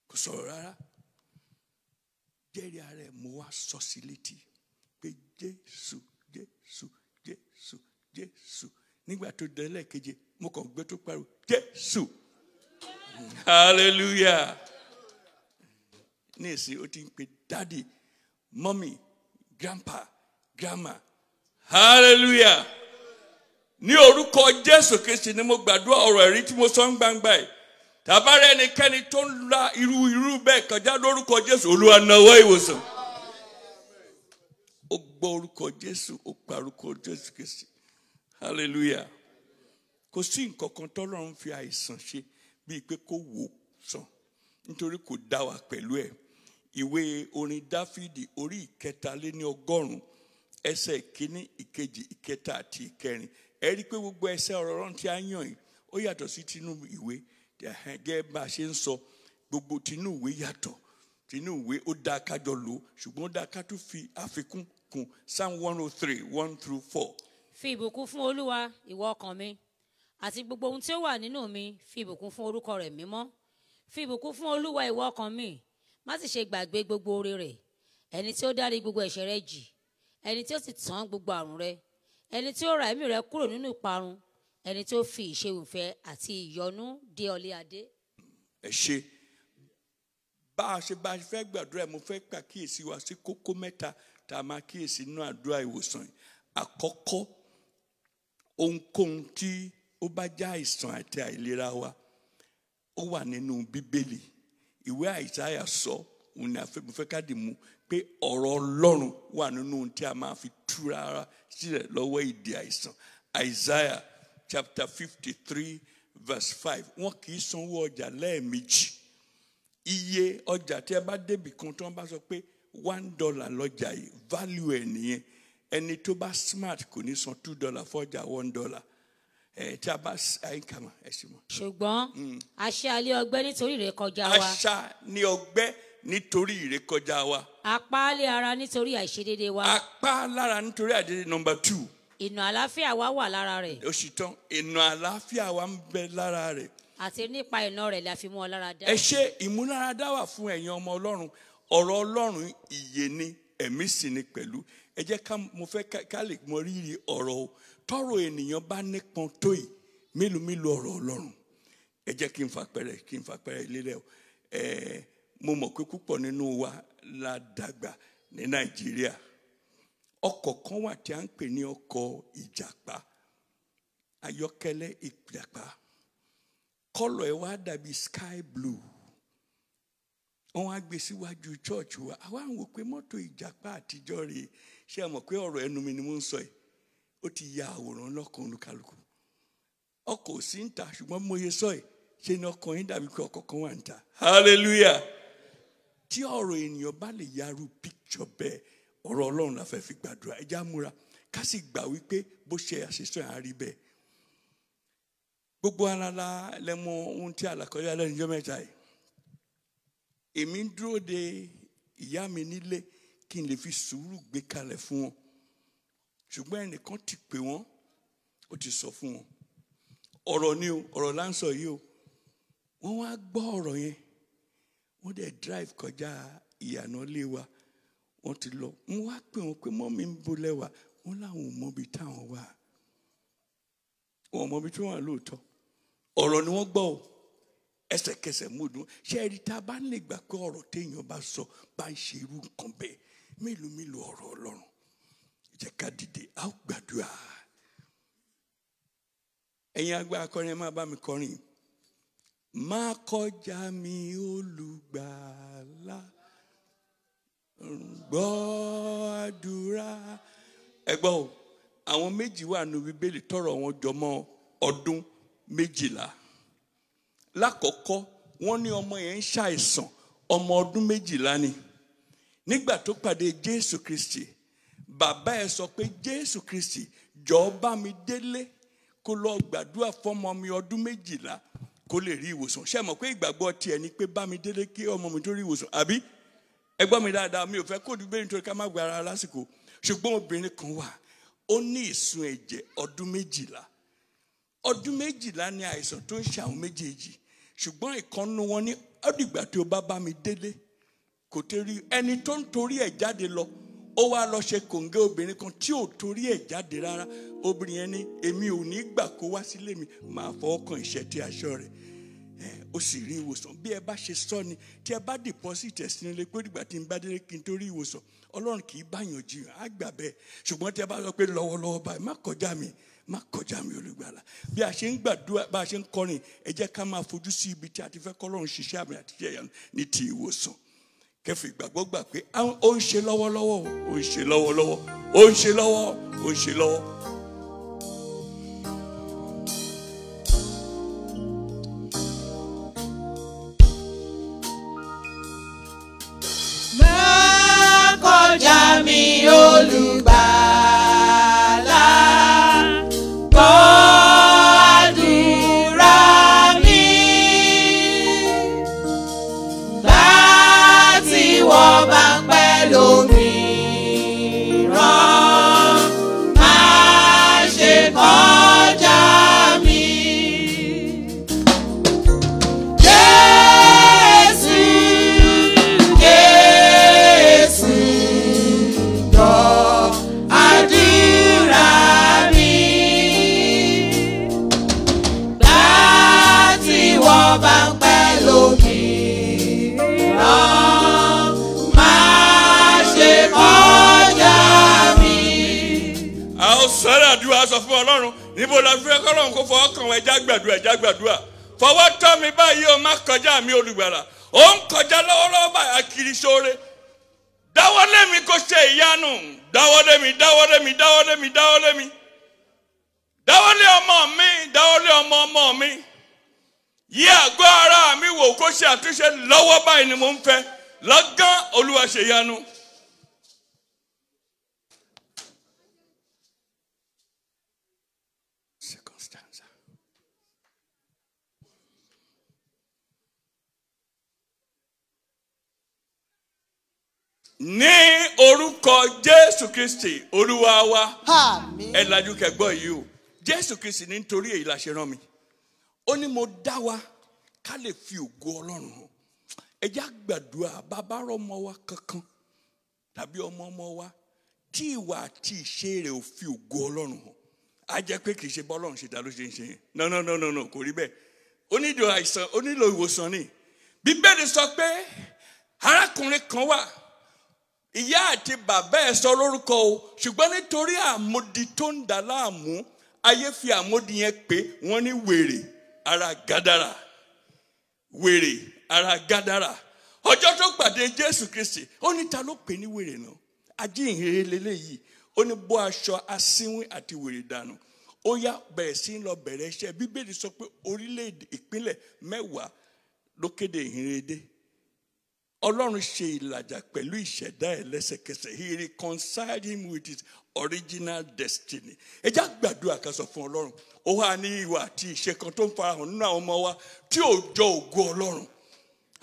kò sọ̀rọ̀ rárá jẹ́rìí ara ẹ̀ mo wá sọ sí létí pé jésù jésù jésù jésù nígbà tó délẹ̀ keje mo kàn gbé tó pariwo jésù hallelujah ní èsì ó ti ń pe dáàdi mọ́mì grandpa grandma hallelujah ní orúkọ jésù kristi ni mo gbàdúrà ọ̀rọ̀ ẹ̀rí tí mo sọ ń gbangba ẹ̀ tàbárẹ̀ ẹnikẹ́ni tó ń la irú irú bẹ́ẹ̀ kọjá lórúkọ jésù olúwa nawọ́ ìwòsàn ó gbọ́ orúkọ jésù ó pa orúkọ jésù kristi hallelujah kò sí nǹkan kan tọ́lọ́run fi àìsàn ṣe bíi pé kó wò sàn nítorí kò dá wa pẹ̀lú ẹ̀ ìwé orin dáfídì orí ìkẹta lé ní ọgọ́rùn-ún ẹsẹ̀ ìkíní ìkejì ìkẹta àti ìkẹrin ẹ rí i pé gbogbo ẹsẹ ọ̀rọ̀ Ọlọ́run tí a yàn yìí ó yàtọ̀ sí tinú ìwé gẹ́gẹ́ bá a ṣe ń sọ gbogbo tinú ìwé yàtọ̀ tinú ìwé ó dáa kájọ lò ṣùgbọ́n ó dáa fi àfikún kún psalm one oh three one through four. fi ìbùkún fún olúwa ìwọ ọkàn mi àti gbogbo ohun tí ó wà nínú mi fi ìbùkún fún orúkọ rẹ̀ mímọ́ fi ìbùkún fún olúwa ìwọ ọkàn mi má sì ṣe gbàgbé gbogbo oore rẹ̀ ẹni tí ó dárí gbogbo ẹ̀ṣẹ̀ rẹ jì ẹni tí ó sì tán gbogbo àrùn rẹ ẹni tí ó ra ẹ̀mí rẹ kúrò nínú ìparun ẹni tí ó fi ìṣeunfẹ́ àti ìyọnu dé ọlé adé. ẹ ṣe bá a ṣe bá a fẹ́ gbàdúrà mo fẹ́ pàkíyèsí wa sí kókó mẹ́ta tá a máa kíyèsí nínú àdúrà ìwòsàn yìí àkọ́kọ́ ohunkóhun tí ó bá já àìsàn àti àìlera wa ó wà nínú bíbélì ìwé àìsáyà sọ òun ni mo fẹ́ ká dì pé ọ̀rọ̀ ọlọ́run wà nínú ohun tí a máa fi ìtura ara sílẹ̀ lọ́wọ́ ìdè àìsàn Isaiah chapter fifty three verse five wọn kì í sanwó ọjà lẹ́ẹ̀mejì iye ọjà tí ẹ bá débì kan tí wọ́n bá sọ pé one dollar lọ́jà yìí value ẹ̀ nìyẹn ẹni tó bá smart kò ní san two dollar fọ́jà one dollar ẹ tí a bá àyíká mà ẹ sì mọ. ṣùgbọ́n hmm. àṣà ni ọgbẹ́ nítorí rẹ̀ kọjá wa. àṣà ni ọgbẹ́ nítorí ìrékọjá wa. apá lé ara nítorí àìṣedéédé wa. apá lára nítorí àìṣedéédé number two. ìnà àlàáfíà wa wà lára rẹ̀. ó sì tán ìnà àlàáfíà wa ń bẹ lára rẹ̀. àti nípa ìnà rẹ̀ la fi mú ọ lára dá. ẹ ṣe ìmúláradá wà fún ẹ̀yin ọmọ ọlọ́run ọ̀rọ̀ ọlọ́run ìyè ni ẹ̀mí sì ni pẹ̀lú ẹ jẹ́ ká mo fẹ́ ká lè mọ rírì ọ̀rọ̀ o tọrọ ènìyàn bá nípọn tó mélòó mélòó ọ̀rọ̀ ọlọ́run ẹ jẹ́ kí n fà pẹ́rẹ́ kí n fà pẹ́rẹ́ lélẹ̀ o ẹ̀ẹ́ mo mọ̀ pé púpọ̀ nínú wa la dàgbà ní nàìjíríà ọkọ̀ kan wà tí a ń pè ní ọkọ̀ ìjàpá ayọ́kẹ́lẹ́ ìjàpá kọ́lọ̀ ẹ̀ wá dàbí sky blue wọn á gbé síwájú chọ́ọ̀chì wa àwa ń wò pé mọ́tò ìjàpá àtijọ́ ẹnu mi ni mo ti ya àwòrán lọ́kàn ọkọ̀ ò sí ń ta ṣùgbọ́n mo yẹ sọ hallelujah. tí ọ̀rọ̀ ènìyàn bá lè yarú picture bẹ́ẹ̀ ọ̀rọ̀ ọlọ́run la fẹ́ fi gbàdúrà ẹja múra ká sì gbà wípé bó ṣe àṣìṣe à ń bẹ́ẹ̀ gbogbo ara la lẹ́mọ ohun tí àlàkọjá lẹ́nu jẹ́ mẹ́ta yìí èmi ń dúró de ìyá mi nílé kí n lè fi sùúrù gbé kalẹ̀ fún wọn ṣùgbọ́n ẹnìkan ti pè wọ́n ó ti sọ fún wọn ọ̀rọ̀ ni o ọ̀rọ̀ là yìí o wọ́n wá gbọ́ ọ̀rọ̀ yẹn wọ́n dẹ̀ drive kọjá ìyànà lé wa wọ́n ti lọ ń wá pè wọ́n pé mọ́mí ń bo lẹ́wà wọ́n láwọn ò mọbi táwọn wà wọn ò mọbi tí wọ́n wà lóòótọ́ ọ̀rọ̀ ni wọ́n gbọ́ o ẹsẹ̀kẹsẹ̀ mọ́dún ṣé ẹ̀rí tá a bá lè gbà pé ọ̀rọ̀ téèyàn bá sọ bá ń ṣe irú nǹkan bẹ́ẹ̀ mélòó mélòó ọ̀rọ̀ ọlọ́run jẹ́ ká dìde a ó gbàdúrà ẹ̀yin àgbà akọrin ẹ máa bá mi kọrin yìí má kọjá mi olùgbàlà gbọ́ àdúrà ẹ gbọ́ o àwọn méjì wà nù bíbélì tọrọ wọn jọmọ ọdún méjìlá lákọ̀ọ́kọ́ wọ́n ní ọmọ yẹn ń ṣàìsàn ọmọ ọdún méjìlá ni nígbà tó pàdé jésù kristi bàbá ẹ sọ pé jésù kristi jọ̀ọ́ bá mi délé kó lọ gbàdúrà fọmọ mi ọdún méjìlá kó lè rí ìwòsàn ṣé mọ̀ pé ìgbàgbọ́ tiẹ̀ ni pé Bámidélé kí ọmọ mi tó rí ìwòsàn àbí ẹ gbọ́ mi dáadáa mi ò fẹ́ kó dùn nítorí ká má gba ara lásìkò ṣùgbọ́n obìnrin kan wà ó ní ìsun ẹ̀jẹ̀ ọdún méjìlá ọdún méjìlá ni àìsàn tó ń ṣe àwọn méjèèjì ṣùgbọ́n ìkànnù wọn ní ọdìgbà tí o bá bá mi délé kò tẹ́ rí ẹni tó ń torí ẹ̀ jáde lọ ó wá lọ ṣe kòǹgẹ́ obìnrin kan tí ò torí ẹ̀ jáde rárá obìnrin yẹn ní èmi ò ní gbà kó wá sílé mi máa fọwọ́ kan ìṣẹ́tí aṣọ rẹ̀ ó sì rí ìwòsàn bí ẹ bá ṣe sọ ni tí ẹ bá deposit ẹ sínú ilé pé ìgbà tí n bá délé kí n tó rí ìwòsàn ọlọ́run kì í báyàn jiyàn á gbà bẹ́ẹ̀ ṣùgbọ́n tí ẹ bá sọ pé lọ́wọ́lọ́wọ́ báyìí má kọjá mi má kọjá mi olùgbàlà bí a ṣe ń gbàdúrà bá a ṣe ń kọrin ẹ jẹ́ ká máa fojú sí ibi tí a ti fẹ́ kọ́lọ́run ṣiṣẹ́ àmì àti ní ti ìwòsàn kẹfì gbàgbọ́ gbà pé ó ń ṣe lọ́wọ́lọ́wọ́ ó ń ṣe lọ́wọ́lọ́wọ́ ó ń ṣe lọ́wọ́ ó ń ṣe lọ́wọ́ níbo la fẹ́ kọ́lọ́n kó fọwọ́ kàn ẹja gbàdúrà ẹja gbàdúrà fọwọ́ tọ́ mi báyìí o má kọjá mi olùgbàlà ó ń kọjá lọ́wọ́lọ́wọ́ báyà kiri sóore dáwọ́lé mi kó ṣe ìyanu dáwọ́lé mi dáwọ́lé mi dáwọ́lé mi dáwọ́lé mi dáwọ́lé ọmọ mi dáwọ́lé ọmọ ọmọ mi yí àgọ́ ara mi wò kó ṣe àtúnṣe lọ́wọ́ báyìí ni mo ń fẹ́ lọ́gán olúwa ṣèyanu. ní orúkọ jésù kristi olúwa wa ẹ lajú kẹgbọ́ yìí o jésù kristi nítorí èyí la ṣe rán mi ó ní mo dá wa ká lè fi ògo ọlọ́run hàn ẹ jẹ́ àgbàdua bàbá ọmọ wa kankan tàbí ọmọ ọmọ wa tí ìwà àti ìṣe rẹ̀ ò fi ògo ọlọ́run hàn á jẹ́ pé kì í ṣe bọ́lọ́run ṣe ta ló ṣe ń ṣe yẹn no no no no no kò rí bẹ́ẹ̀ ó nílò àìsàn ó nílò ìwòsàn ni bíbélì sọ pé arákùnrin kan wà ìyá àti bàbá ẹ̀ sọ lórúkọ o ṣùgbọ́n nítorí àmódi tó ń dà láàmú ayé fi àmódi yẹn pé wọ́n ní wèrè ara gádàrà wèrè ara gádàrà ọjọ́ tó pàdé Jésù Kristi ó ní ta ló pè ní wèrè náà ajíhìnrere lélẹ́yìí ó ní bó aṣọ asínwín àti wèrè dànù ó yá bẹ̀rẹ̀ sí ń lọ bẹ̀rẹ̀ iṣẹ́ bíbélì sọ pé orílẹ̀-èdè ìpínlẹ̀ mẹ́wàá ló kéde ìhìnrere dé Ọlọ́run ṣe ìlàjà pẹ̀lú ìṣẹ̀dá ẹ̀ lẹ́sẹ̀kẹsẹ̀ he reconciled him with his original destiny. Ẹ já gbàdúrà ká sọ fún Ọlọ́run ó wà ní ìwà àti ìṣe kan tó ń farahàn nínú àwọn ọmọ wa tí ò jọ ògo Ọlọ́run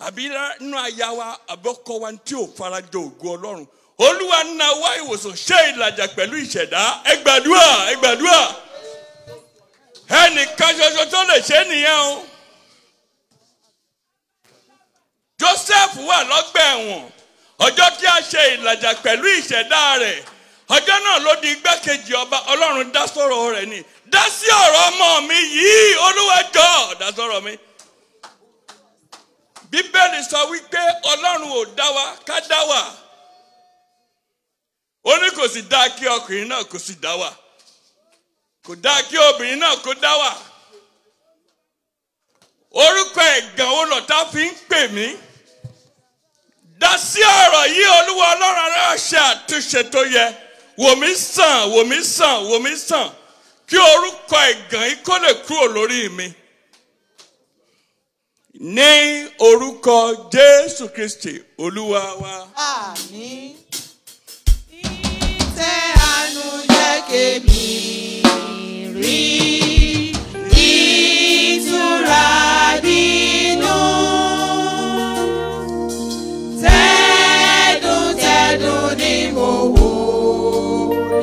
àbí nínú aya wa àbọ̀kọ wa tí ò farajọ ògo Ọlọ́run Olúwa nà wá ìwòsàn ṣe ìlàjà pẹ̀lú ìṣẹ̀dá ẹ gbàdúrà ẹ gbàdúrà ẹnìkan ṣoṣo tó lè ṣe nìyẹn o. Joseph wà lọ́gbà ẹ̀wọ̀n ọjọ́ tí a ṣe ìlàjà pẹ̀lú ìṣẹ̀dá rẹ̀ ọjọ́ náà ló di igbákejì ọba Ọlọ́run dá sọ̀rọ̀ rẹ̀ ni dá sí ọ̀rọ̀ ọmọ mi yìí Olúwa jọ̀ọ́ dá sọ̀rọ̀ mi. Bíbélì sọ wípé Ọlọ́run ò dá wa ká dá wà ó ní kò sì dáa kí ọkùnrin náà kò sì dá wà kò dáa kí obìnrin náà kò dá wà orúkọ ẹ̀gàn wo lọ́tà fi ń pè mí dá sí ọ̀rọ̀ yìí olúwa ọlọ́run rẹ̀ ṣe àtúnṣe tó yẹ wòmí sàn wòmí sàn wòmí sàn kí orúkọ ẹ̀gàn yìí kó lè kúrò lórí mi ní orúkọ jésù kristi olúwa wa. àmín. ìtẹ́ àánú jẹ́ kébi.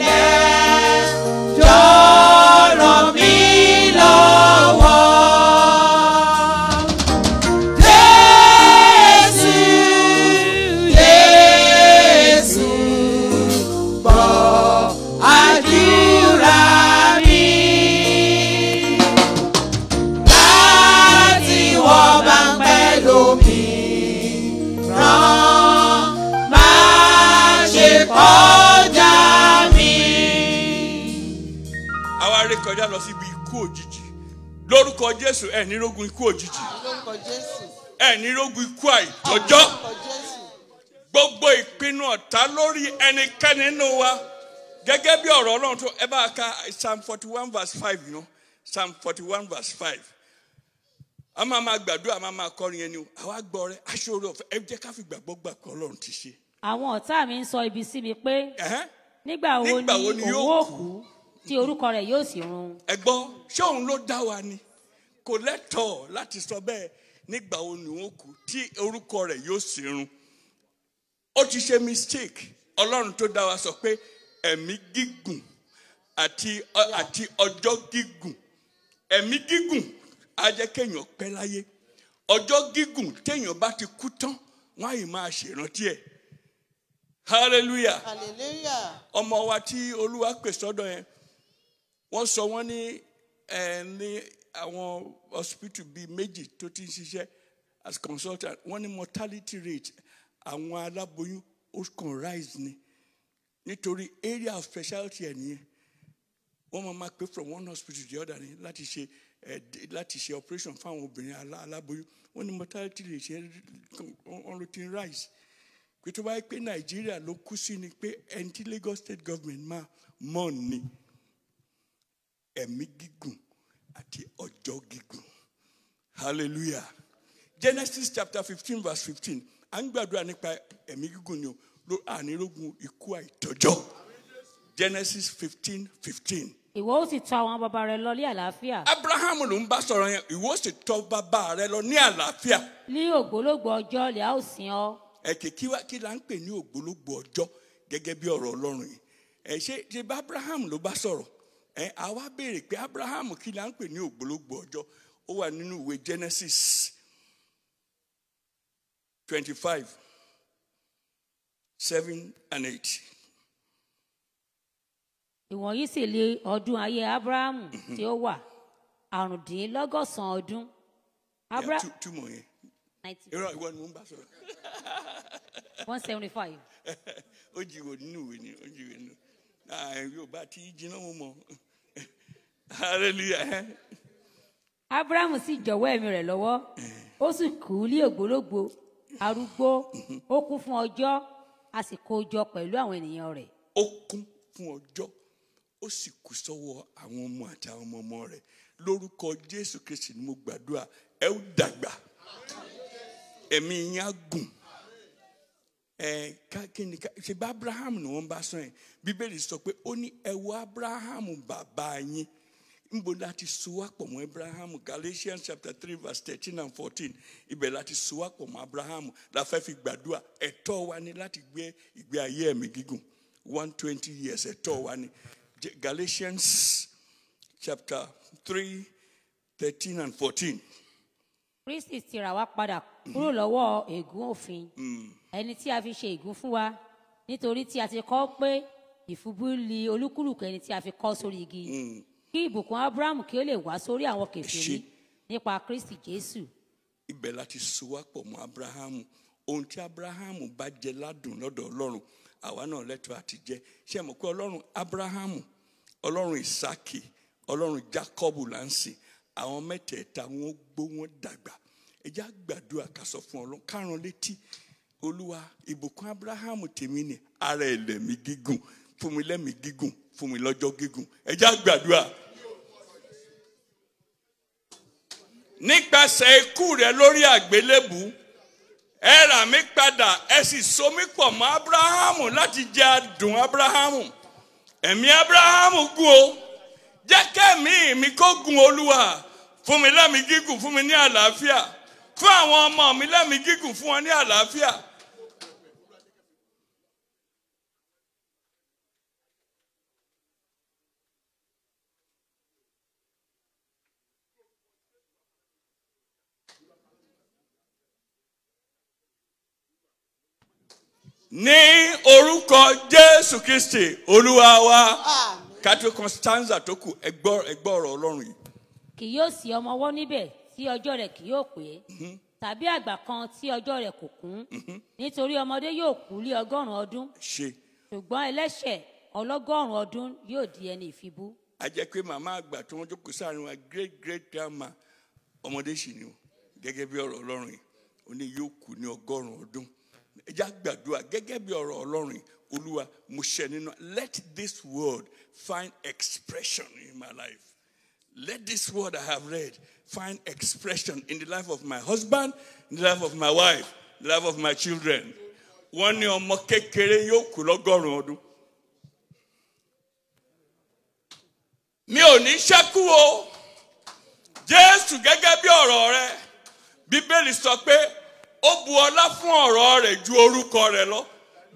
Yeah. lórúkọ jésù ẹ ní rógun ikú òjijì ẹ ní rógun ikú àìtọ́jọ́ gbogbo ìpinnu ọ̀tá lórí ẹnikẹ́ni nínú wa gẹ́gẹ́ bí ọ̀rọ̀ ọlọ́run tó ẹ bá ka psalm forty one verse five you know psalm forty one verse five a máa ma gbàdúrà a máa ma kọrin ẹni o àwa gbọ́ rẹ aṣọ́rẹ́ ọ̀fẹ́ ẹ jẹ́ ká fi gbàgbọ́ gbà kọ́ ọlọ́run ti ṣe. àwọn ọ̀tá mi ń sọ ibi sí mi pé nígbà wo ni òun ó kú tí orúkọ rẹ̀ yóò sì run. ẹ gbọ́ ṣé òun ló dá wa ni kò lẹ́tọ̀ọ́ láti sọ bẹ́ẹ̀ nígbà wo ni wọ́n kú tí orúkọ rẹ̀ yóò sírun ó ti ṣe mistake ọlọ́run tó dá wa sọ pé ẹ̀mí gígùn àti àti ọjọ́ gígùn ẹ̀mí gígùn á jẹ́ kéèyàn pẹ́ láyé ọjọ́ gígùn téèyàn bá ti kú tán wọ́n á yìí máa ṣèrántí ẹ̀ hallelujah hallelujah ọmọ wa tí olúwa pè sọ́dọ̀ yẹn wọ́n sọ wọ́n ní ẹ̀ ní àwọn hospital bíi méjì tó ti ń ṣiṣẹ́ as consultant wọ́n ní mortality rate àwọn aláboyún ó kàn rise ni nítorí area of specialty ẹ̀ nìyẹn wọ́n máa máa pé from one hospital to the other ni láti ṣe eh, láti ṣe operation fáwọn obìnrin aláboyún wọ́n ní mortality rate yẹn wọ́n ti ń rise pé tó bá yẹ pé nàìjíríà ló kú sí ni pé ẹni tí Lagos state government máa mọ̀ ni ẹ̀mí gígùn àti ọjọ́ gígùn hallelujah genesis chapter fifteen verse fifteen à ń gbàdúrà nípa ẹ̀mí gígùn ni o ànírógun ikú àìtọ́jọ́ genesis fifteen fifteen. ìwọ ó sì tọ̀ àwọn bàbá rẹ lọ ní àlàáfíà. abrahamu ló ń bá sọ̀rọ̀ yẹn ìwọ ó sì tọ̀ bàbá rẹ lọ ní àlàáfíà. ní ògbólógbò ọjọ́ lè a ó sìn ọ. ẹ̀kẹ́ kí wá kí la ń pè ní ògbólógbò ọjọ́ gẹ́gẹ́ bí ọ̀rọ̀ ọlọ́run yìí ẹ̀ ṣe ṣe bá abrahamu ló bá sọ̀rọ̀ ẹ àwa béèrè pé Abraham kí là ń pè ní ògbólógbò ọjọ́ ó wà nínú ìwé Genesis twenty five seven and eight. ìwọ̀nyí sì lé ọdún ayé Abraham mhm. tí ó wà àrùndínlọ́gọ́sàn-án ọdún. túmọ̀ yẹn irọ́ ìwọ ni mò ń bá sọ̀rọ̀. one seventy five. ó jìwò nínú ìwé ni ó jìwò nínú ah, yorùbá tí jiná mo mọ̀ hallelujah. Eh? abrahamu sì jọ̀wọ́ ẹ̀mí rẹ̀ lọ́wọ́ ó sì kú ní ògbólógbò arúgbó ó kún fún ọjọ́ a sì kó jọ pẹ̀lú àwọn ènìyàn rẹ̀. ó kún fún ọjọ́ ó sì kú sọ́wọ́ àwọn ọmọ àti àwọn ọmọ ọmọ rẹ̀ lórúkọ jésù kristi ni mo gbàdúrà ẹ ó dàgbà ẹ̀mí yín á gùn kíni ṣe bá abraham ni wọ́n bá sọ yẹn bíbélì sọ pé ó ní ẹ wo abraham bàbá yín níbo láti sowá pọ̀ mọ́ abraham galatians chapter three verse thirteen and fourteen ibẹ̀ láti sowá pọ̀ mọ́ abraham la fẹ́ fi gbàdúrà ẹ̀tọ́ wa ni láti gbé ìgbé ayé ẹ̀mí gígùn one twenty years ẹ̀tọ́ wa ni galatians chapter three thirteen and fourteen. kristi ti rà wá padà kúrò lọ́wọ́ ègún òfin ẹni mm. tí a fi ṣe ègún fún wa nítorí tí a ti kọ pé ìfúbú li olúkúlùkù ẹni tí a fi kọ́ sórí igi. Mm kí ìbùkún abrahamu kí ó lè wá sórí àwọn kèfèrí nípa kristi jésù. ibẹ̀ láti so wá pọ̀ mọ́ abrahamu ohun tí abrahamu bá jẹ ládùn lọ́dọ̀ ọlọ́run àwa náà lẹ́tọ̀ọ́ àti jẹ ṣé mọ̀ pé ọlọ́run abrahamu ọlọ́run isaki ọlọ́run jacobu là ń sìn àwọn mẹ́tẹ̀ẹ̀ta wọn gbó wọn dàgbà ẹjẹ́ àgbàdua kásọ fún ọlọ́run kárán létí olúwa ìbùkún abrahamu tèmi ni ara ẹ̀lẹ́mí gígùn fún mi lẹ́mí gígùn fún mi lọ́jọ́ gígùn ẹ jẹ́ àgbàdua. nípasẹ̀ ikú rẹ lórí àgbélébù ẹ rà mí padà ẹ sì so mọ́ abrahamu láti jẹ adùn abrahamu ẹ̀mí abrahamu gùn o jẹ́ kẹ́mi mi kó gun olúwa fún mi lẹ́mi gígùn fún mi ní àlàáfíà fún àwọn ọmọ mi lẹ́mi gígùn fún wọn ní àlàáfíà ní orúkọ jésù kristi olúwa wa kátó stanza tó kù ẹgbọ́ ẹgbọ́ ọ̀rọ̀ ọlọ́run yìí. kì yóò sí ọmọ ọwọ́ níbẹ̀ tí ọjọ́ rẹ̀ kì yóò pé mhm. tàbí àgbà kan tí ọjọ́ rẹ̀ kò kún mhm. nítorí ọmọdé yóò kú lé ọgọ́rùn-ún ọdún ṣùgbọ́n ẹlẹ́ṣẹ̀ ọlọ́gọ́rùn-ún ọdún yóò di ẹni ìfibú. a jẹ́ pé màmá àgbà tí wọ́n jókòó sáàrin wa great great grandma ọmọdé sì ni o gẹ́gẹ́ bí ọ̀rọ̀ ọlọ́run yìí ó ní yóò kú ní ọgọ́rùn-ún ọdún let this word find expression in my life let this word I have read find expression in the life of my husband in the life of my wife in the life of my children wọ́n ní ọmọ kékeré yóò kú lọ́gọ́rùn-ún ọdún. mi ò ní ṣẹ́kù o jésù gẹ́gẹ́ bí ọ̀rọ̀ rẹ bíbélì sọ pé ó bu ọlá fún ọ̀rọ̀ rẹ̀ ju orúkọ rẹ̀ lọ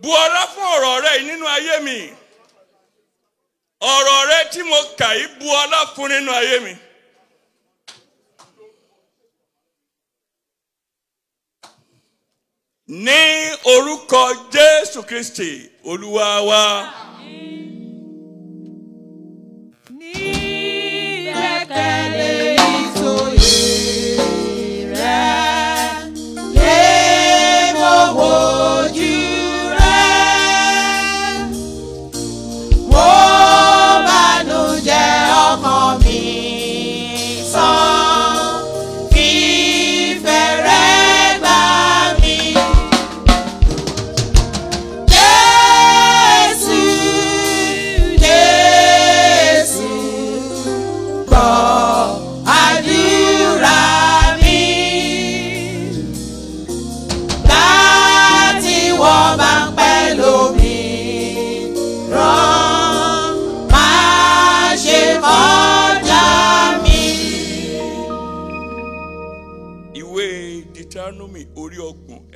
bu ọlá fún ọ̀rọ̀ rẹ̀ yìí nínú ayé mi ọ̀rọ̀ rẹ̀ tí mo kà yìí bu ọlá fún nínú ayé mi. ní orúkọ Jésù Kristi Olúwa wa. Amen.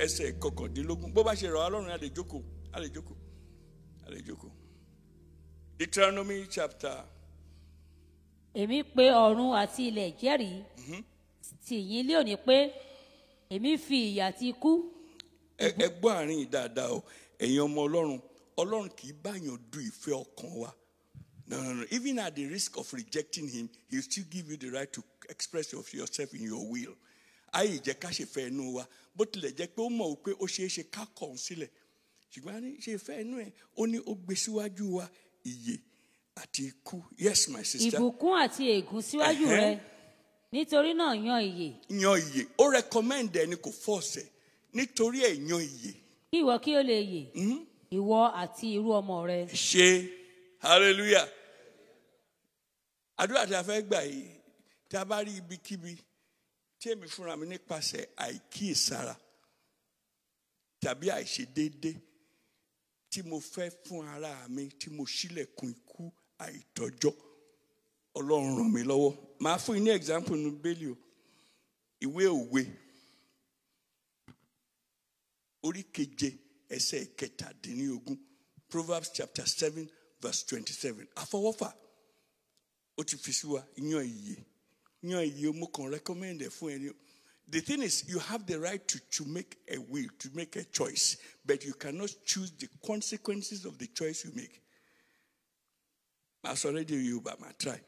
ẹsẹ̀ kọkàndínlógún bó bá ṣe rọ̀ ọlọ́run a lè jókòó Deuteronomy chapter. èmi pè ọ̀run àti ilẹ̀ jẹ́rìí mhm. tìyín lé òní pé èmi fi ìyà ti kú. ẹ gbọ́ àárín dáadáa o ẹ̀yin ọmọ ọlọ́run ọlọ́run kì í báyàn du ìfẹ́ ọkàn wa no no no even at the risk of rejecting him he still give you the right to express yourself in your will ayé ìjẹ́ ṣe fẹ́ inú wa bó tilẹ̀ jẹ́ pé ó mọ̀ pé ó ṣeé ṣe ká kọ̀ ọ́n sílẹ̀ ṣùgbọ́n a ní ṣe ìfẹ́ inú ẹ̀ ó ní ó gbé síwájú wa ìyè àti ikú yes my sister. ìbùkún àti ègún síwájú rẹ nítorí náà yan ìyè. yan ìyè ó recommend ẹni kò fọ́ọ̀sẹ̀ nítorí ẹ̀ yan ìyè. kí ìwọ kí o lè yè hmm? ìwọ àti irú ọmọ rẹ. ṣe hallelujah àdúrà tí a fẹ́ gbà yìí tí a bá rí ibikíbi tí èmi fúnra mi nípasẹ̀ àìkíyèsára tàbí àìṣedéédé tí mo fẹ́ fún ara mi tí mo ṣílẹ̀kùn ikú àìtọ́jọ́ ọlọ́run ràn mí lọ́wọ́ màá fún yín ní example nu bẹ́ẹ̀lì o ìwé òwe orí keje ẹsẹ̀ kẹtàdínlógún Proverbs chapter seven verse twenty-seven àfọwọ́fà ó ti fi sí wa yan ìyè. The thing is, you have the right to, to make a will, to make a choice, but you cannot choose the consequences of the choice you make. Àsọ̀rẹ́dì Yorùbá máa try.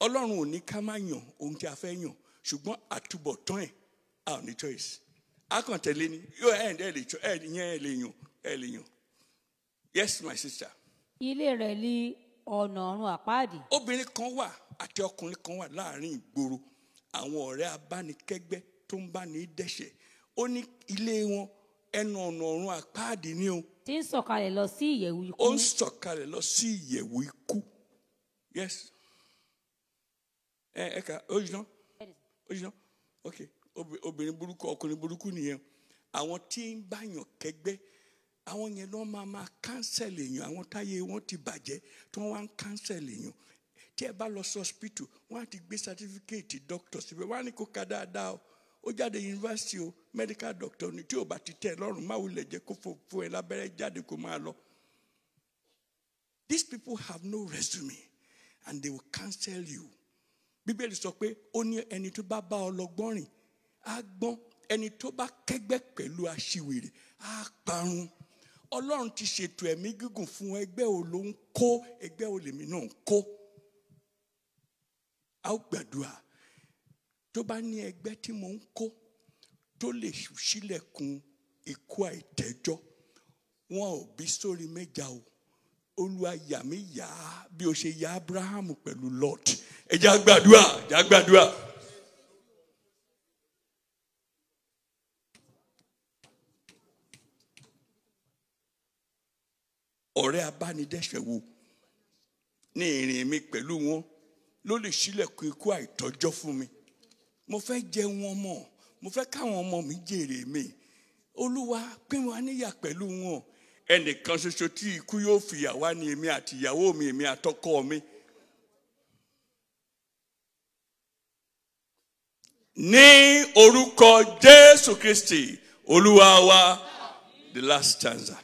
Ọlọ́run ò ní ká má yàn ohun tí a fẹ́ yàn ṣùgbọ́n àtúbọ̀tán ẹ̀ a ò ní choice. Akọ̀ntẹ̀lé ni yóò ẹ̀ ẹ̀ lè ni ẹ̀ lè yàn ẹ̀ lè yàn. Yes my sister. Ilé rẹ̀ ni ọ̀nà kan wà àti ọkùnrin kan wà láàrin ìgboro àwọn ọ̀rẹ́ abánikẹ́gbẹ́ tó ń bá ní dẹ́ṣẹ̀ ó ní ilé wọn ẹnu ọ̀nà ọ̀run àpáàdì ni o. tí ń sọ̀kalẹ̀ lọ sí ìyẹ̀wù ikú. ó ń sọ̀kalẹ̀ lọ sí ìyẹ̀wù ikú yes ẹ ẹ kà ó yìí náà ó yìí náà ok obìnrin burúkú ọkùnrin burúkú nìyẹn àwọn tí ń báyàn kẹ́gbẹ́ àwọn yẹn ló máa máa kánsẹ̀lì èèyàn àwọn táyé wọn ti bàjẹ́ tí wọ́n wá ń kánsẹ̀lì èèyàn tí ẹ bá lọ sí hospital wọ́n á ti gbé certificate doctor síbẹ̀ wọ́n á ní kó ka dáadáa o ó jáde yunifásitì o medical doctor ni tí o bá ti tẹ́ ẹ lọ́rùn máa wulẹ̀ jẹ́ kó fòfò ẹ lábẹ́rẹ́ jáde kó máa lọ. these people have no resume and they will cancel you. bíbélì sọ pé ó ní ẹni tó bá bá ọlọ́gbọ́n rìn á gbọ́n ẹni tó bá kẹ́gbẹ́ pẹ̀lú aṣiwèrè á parun ọlọ́run ti ṣètò ẹ̀mí gígùn fún ẹgbẹ́ wo ló ń kó ẹgbẹ́ wo lèmi náà ń kó a ó gbàdúrà tó bá ní ẹgbẹ́ tí mo ń kó tó lè ṣílẹ̀kùn ikú àìtẹ́jọ́ wọn ò bí sórí méjà o olúwa yà mí yá bí o ṣe yà Abraham pẹ̀lú Lot ẹ já gbàdúrà já gbàdúrà. ọ̀rẹ́ abánidẹ́ṣẹ̀ wo ní ìrìn mi pẹ̀lú wọn ló lè ṣílẹ̀kùn ikú àìtọ́jọ́ fún mi mo fẹ́ jẹ wọn mọ̀ mo fẹ́ káwọn ọmọ mi jèrè mi olúwa pín wa níyà pẹ̀lú wọn ẹnìkan ṣoṣo tí ikú yóò fìyà wá ni èmi àti ìyàwó mi èmi àtọkọ mi. ní orúkọ jésù kristi olúwa wa the last stanza.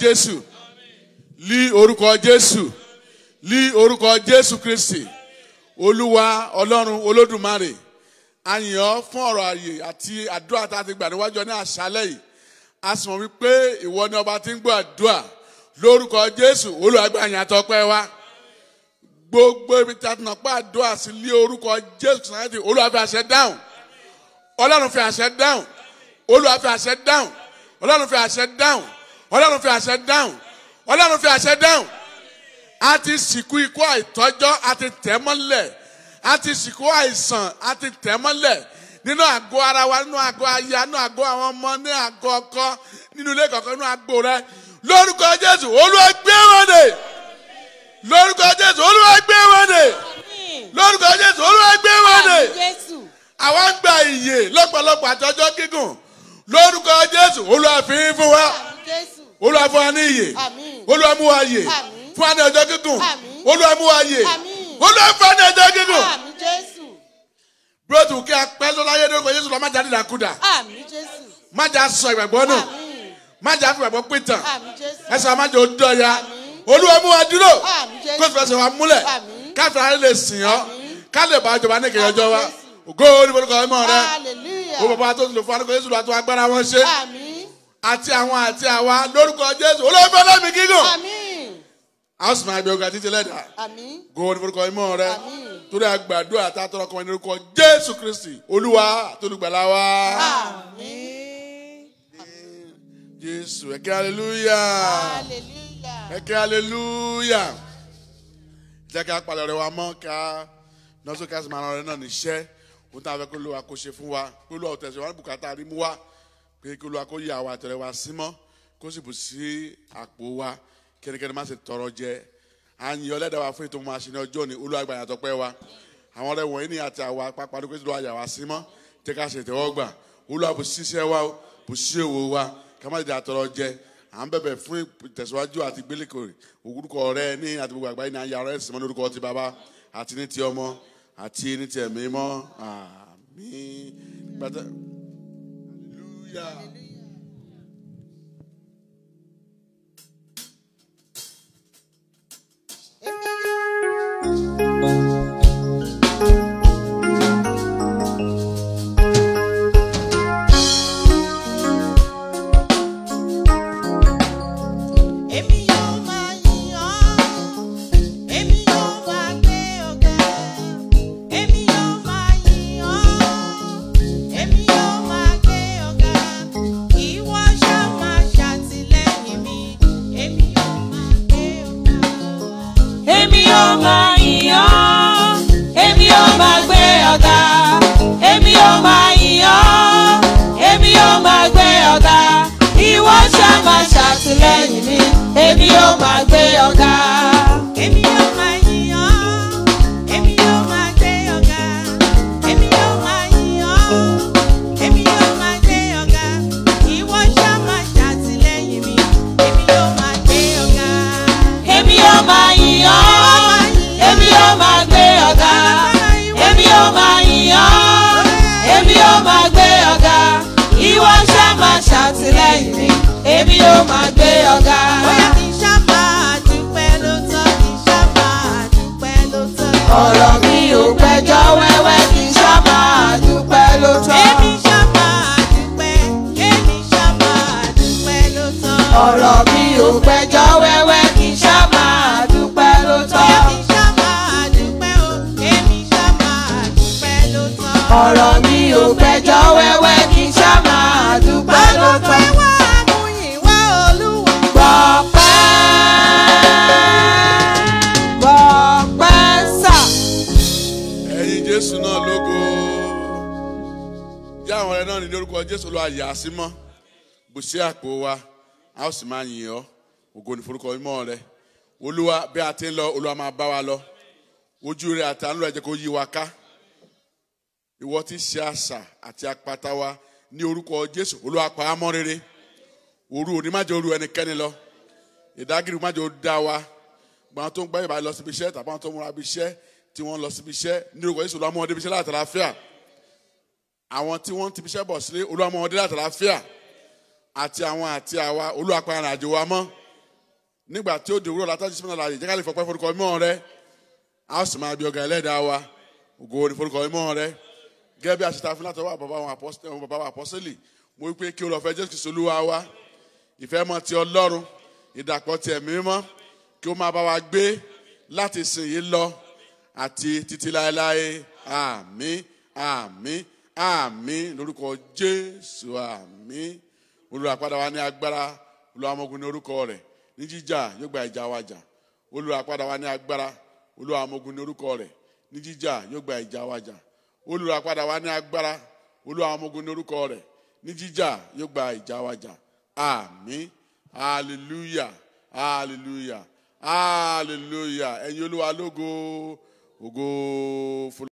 jésù lí orúkọ jésù lí orúkọ jésù kristi olúwa ọlọ́run olódùmarè àyàn fún ọ̀rọ̀ àyè àti àdúrà tá a ti gbà níwájú ní àṣálẹ̀ yìí a sì mọ̀ wípé ìwọ ni ọba tí ń gbọ́ àdúrà lórúkọ jésù olùwàgbà àyàn àtọ́pẹ́ wa gbogbo ibi tí a ti nà pa àdúrà sí lé orúkọ jésù sàkẹ́tì olúwa fi àṣẹ dáhùn ọlọ́run fi àṣẹ dáhùn olúwa fi àṣẹ dáhùn ọlọ́run fi àṣẹ dáhùn ọlọ́run fi àṣẹ dáhùn ọlọ́run fi àṣẹ dáhùn a ti sìnkú ikú àìtọ́jọ́ a ti tẹ̀ mọ́lẹ̀ a ti sìnkú àìsàn a ti tẹ̀ mọ́lẹ̀ nínú àgọ́ ara wa nínú àgọ́ aya nínú àgọ́ àwọn ọmọ ní àgọ́ ọkọ nínú ilé kọ̀ọ̀kan nínú àgbo rẹ lórúkọ jésù olúwa gbé wọn dè lórúkọ jésù olúwa gbé wọn dè lórúkọ jésù olúwa gbé wọn dè àwa ń gba ìyè lọ́pọ̀lọpọ̀ àtọ́jọ́ gígùn lórúkọ jésù olúwa fún wa olúwa fún wa ní ìyè olúwa mú wa yè fún wa ní ọjọ́ gígùn olúwa mú wa yè olúwa fún wa ní ọjọ́ gígùn. bí o tún kí a pẹ́ lọ́la yé lórúkọ Jésù lọ má jà dídàkudà má jà sọ ìgbàgbọ́ nù má jà fún ìgbàgbọ́ pé ẹsẹ̀ má jà ó dọ̀ya olúwa mú wa dúró kó fẹsẹ̀ wa múlẹ̀ káfíńà rẹ lè sìn ọ́ ká lè bá ìjọba ní ìkẹyẹ ọjọ́ wa ògo onímọ̀lùkọ́ ọmọ rẹ òwò bàbá tó lò fún wa ní kò Jésù lọ́wọ́ àti àwọn àti àwa lórúkọ Jésù olóògbé ọlọ́mì gígùn. Àmín. a ó sì máa gbẹ ogun àti ìtẹ̀lẹ́ dà. Àmín. gòwò ní forúkọ ìmọ̀ rẹ. Àmín. torí àgbàdo àtàtọ̀rọ̀ kan ní orúkọ Jésù Kristi Olúwa àtolùgbàlà wa. Jésù ẹ̀kẹ́ hallelujah. Hallelujah. ẹ̀kẹ́ hallelujah. jẹ́ ká palẹ̀ ọ̀rẹ́ wa mọ́ ká nọ́sọ́kẹ́sì máa rán ọ̀rẹ́ náà níṣẹ́ òun tá a fẹ́ kó lóra kó ṣe fún wa kó lóra òtẹ̀sẹ̀ wa ní bùkátà rí mú wa pé kí olúwa kó yí àwa àtọrẹ wa sí mọ́ kó sì bù sí àpò wa kẹ́nikẹ́ni má ṣe tọrọ jẹ àyìn ọlẹ́dàá wa fún ètò máa ṣe ọjọ́ ni olúwa gbà yàtọ̀ wa àwọn ọ̀rẹ́ wọ̀nyí ni àti àwa pápá ló kéjì lọ́wọ́ àyà wa sí mọ́ tẹ́ ká ṣe ìtẹ́wọ́gbà olúwa bù sí iṣẹ́ wa bù sí òwò wa ká má ṣe àtọrọ jẹ à ń bẹ̀bẹ̀ fún ìtẹ̀síwájú àti gbélékòrè orúkọ Hallelujah ọ̀rọ̀ mi ò pẹjọ́ wẹ́wẹ́ kì í ṣá máa dúpẹ́ ló tọ́. èmi ṣá máa dúpẹ́ o èmi ṣá máa dúpẹ́ ló tọ́. ọ̀rọ̀ mi ò pẹjọ́ wẹ́wẹ́ kì í ṣá máa dúpẹ́ ló tọ́. wá àwọn ẹ náà ní lórúkọ jésù lọ àyà sí bùsí àpò wa a ó sì máa yìn ọ́ ògo ní forúkọ mímọ́ rẹ olúwa bí a ti ń lọ olúwa máa bá wa lọ ojú rẹ àtàánú rẹ jẹ́ kó yí wa ká ìwọ ti ṣe àṣà àti apata wa ní orúkọ jésù olúwa pa á mọ́ rere òru òní má jẹ́ òru ẹnikẹ́ni lọ ìdágìrì má jẹ́ ó dá wa gbọ́n tó ń gbẹ́ ìbá lọ síbi iṣẹ́ tàbí àwọn tó ń múra bí iṣẹ́ tí wọ́n lọ síbi iṣẹ́ ní orúkọ jésù olúwa mú wọn débi iṣẹ́ láti àlàáfíà àwọn tí wọ́n ti fi iṣẹ́ bọ̀ sílé olúwa mú wọn láti àlàáfíà àti àwọn àti àwa olúwapàrọ̀ àjò wa mọ́ nígbà tí ó di òwúrọ̀ látàjú sí mọ́tàlá ìjẹ́ká lè fọpẹ́ forúkọ mímọ́ rẹ a sì máa bí ọgá ẹlẹ́dàá wa ògo ni forúkọ mímọ́ rẹ gẹ́gẹ́ bí aṣèta fún látọwọ́ bàbá wa àpọ́sẹ́lì mo wí pé kí olùfẹ́ jésù kìí solúwa wa ìfẹ́ mọ́ ti ọlọ́run ìdàpọ̀ ti ẹ̀mí mímọ́ kí ó máa bá wa gbé láti sìn yìí lọ àti títí láéláé àmín àmín àmín lórúkọ jésù àmín olùràpadà wa ní agbára Olúwa ọmọ ogun ní orúkọ rẹ̀ ní jíjà yóò gba ìjà wa jà olùràpadà wa ní agbára Olúwa ọmọ ogun ní orúkọ rẹ̀ ní jíjà yóò gba ìjà wa jà olùràpadà wa ní agbára Olúwa ọmọ orúkọ rẹ̀ ní jíjà yóò gba ìjà wa jà àmín hallelujah hallelujah hallelujah ẹ̀yin Olúwa lógo ògo fúlọ́.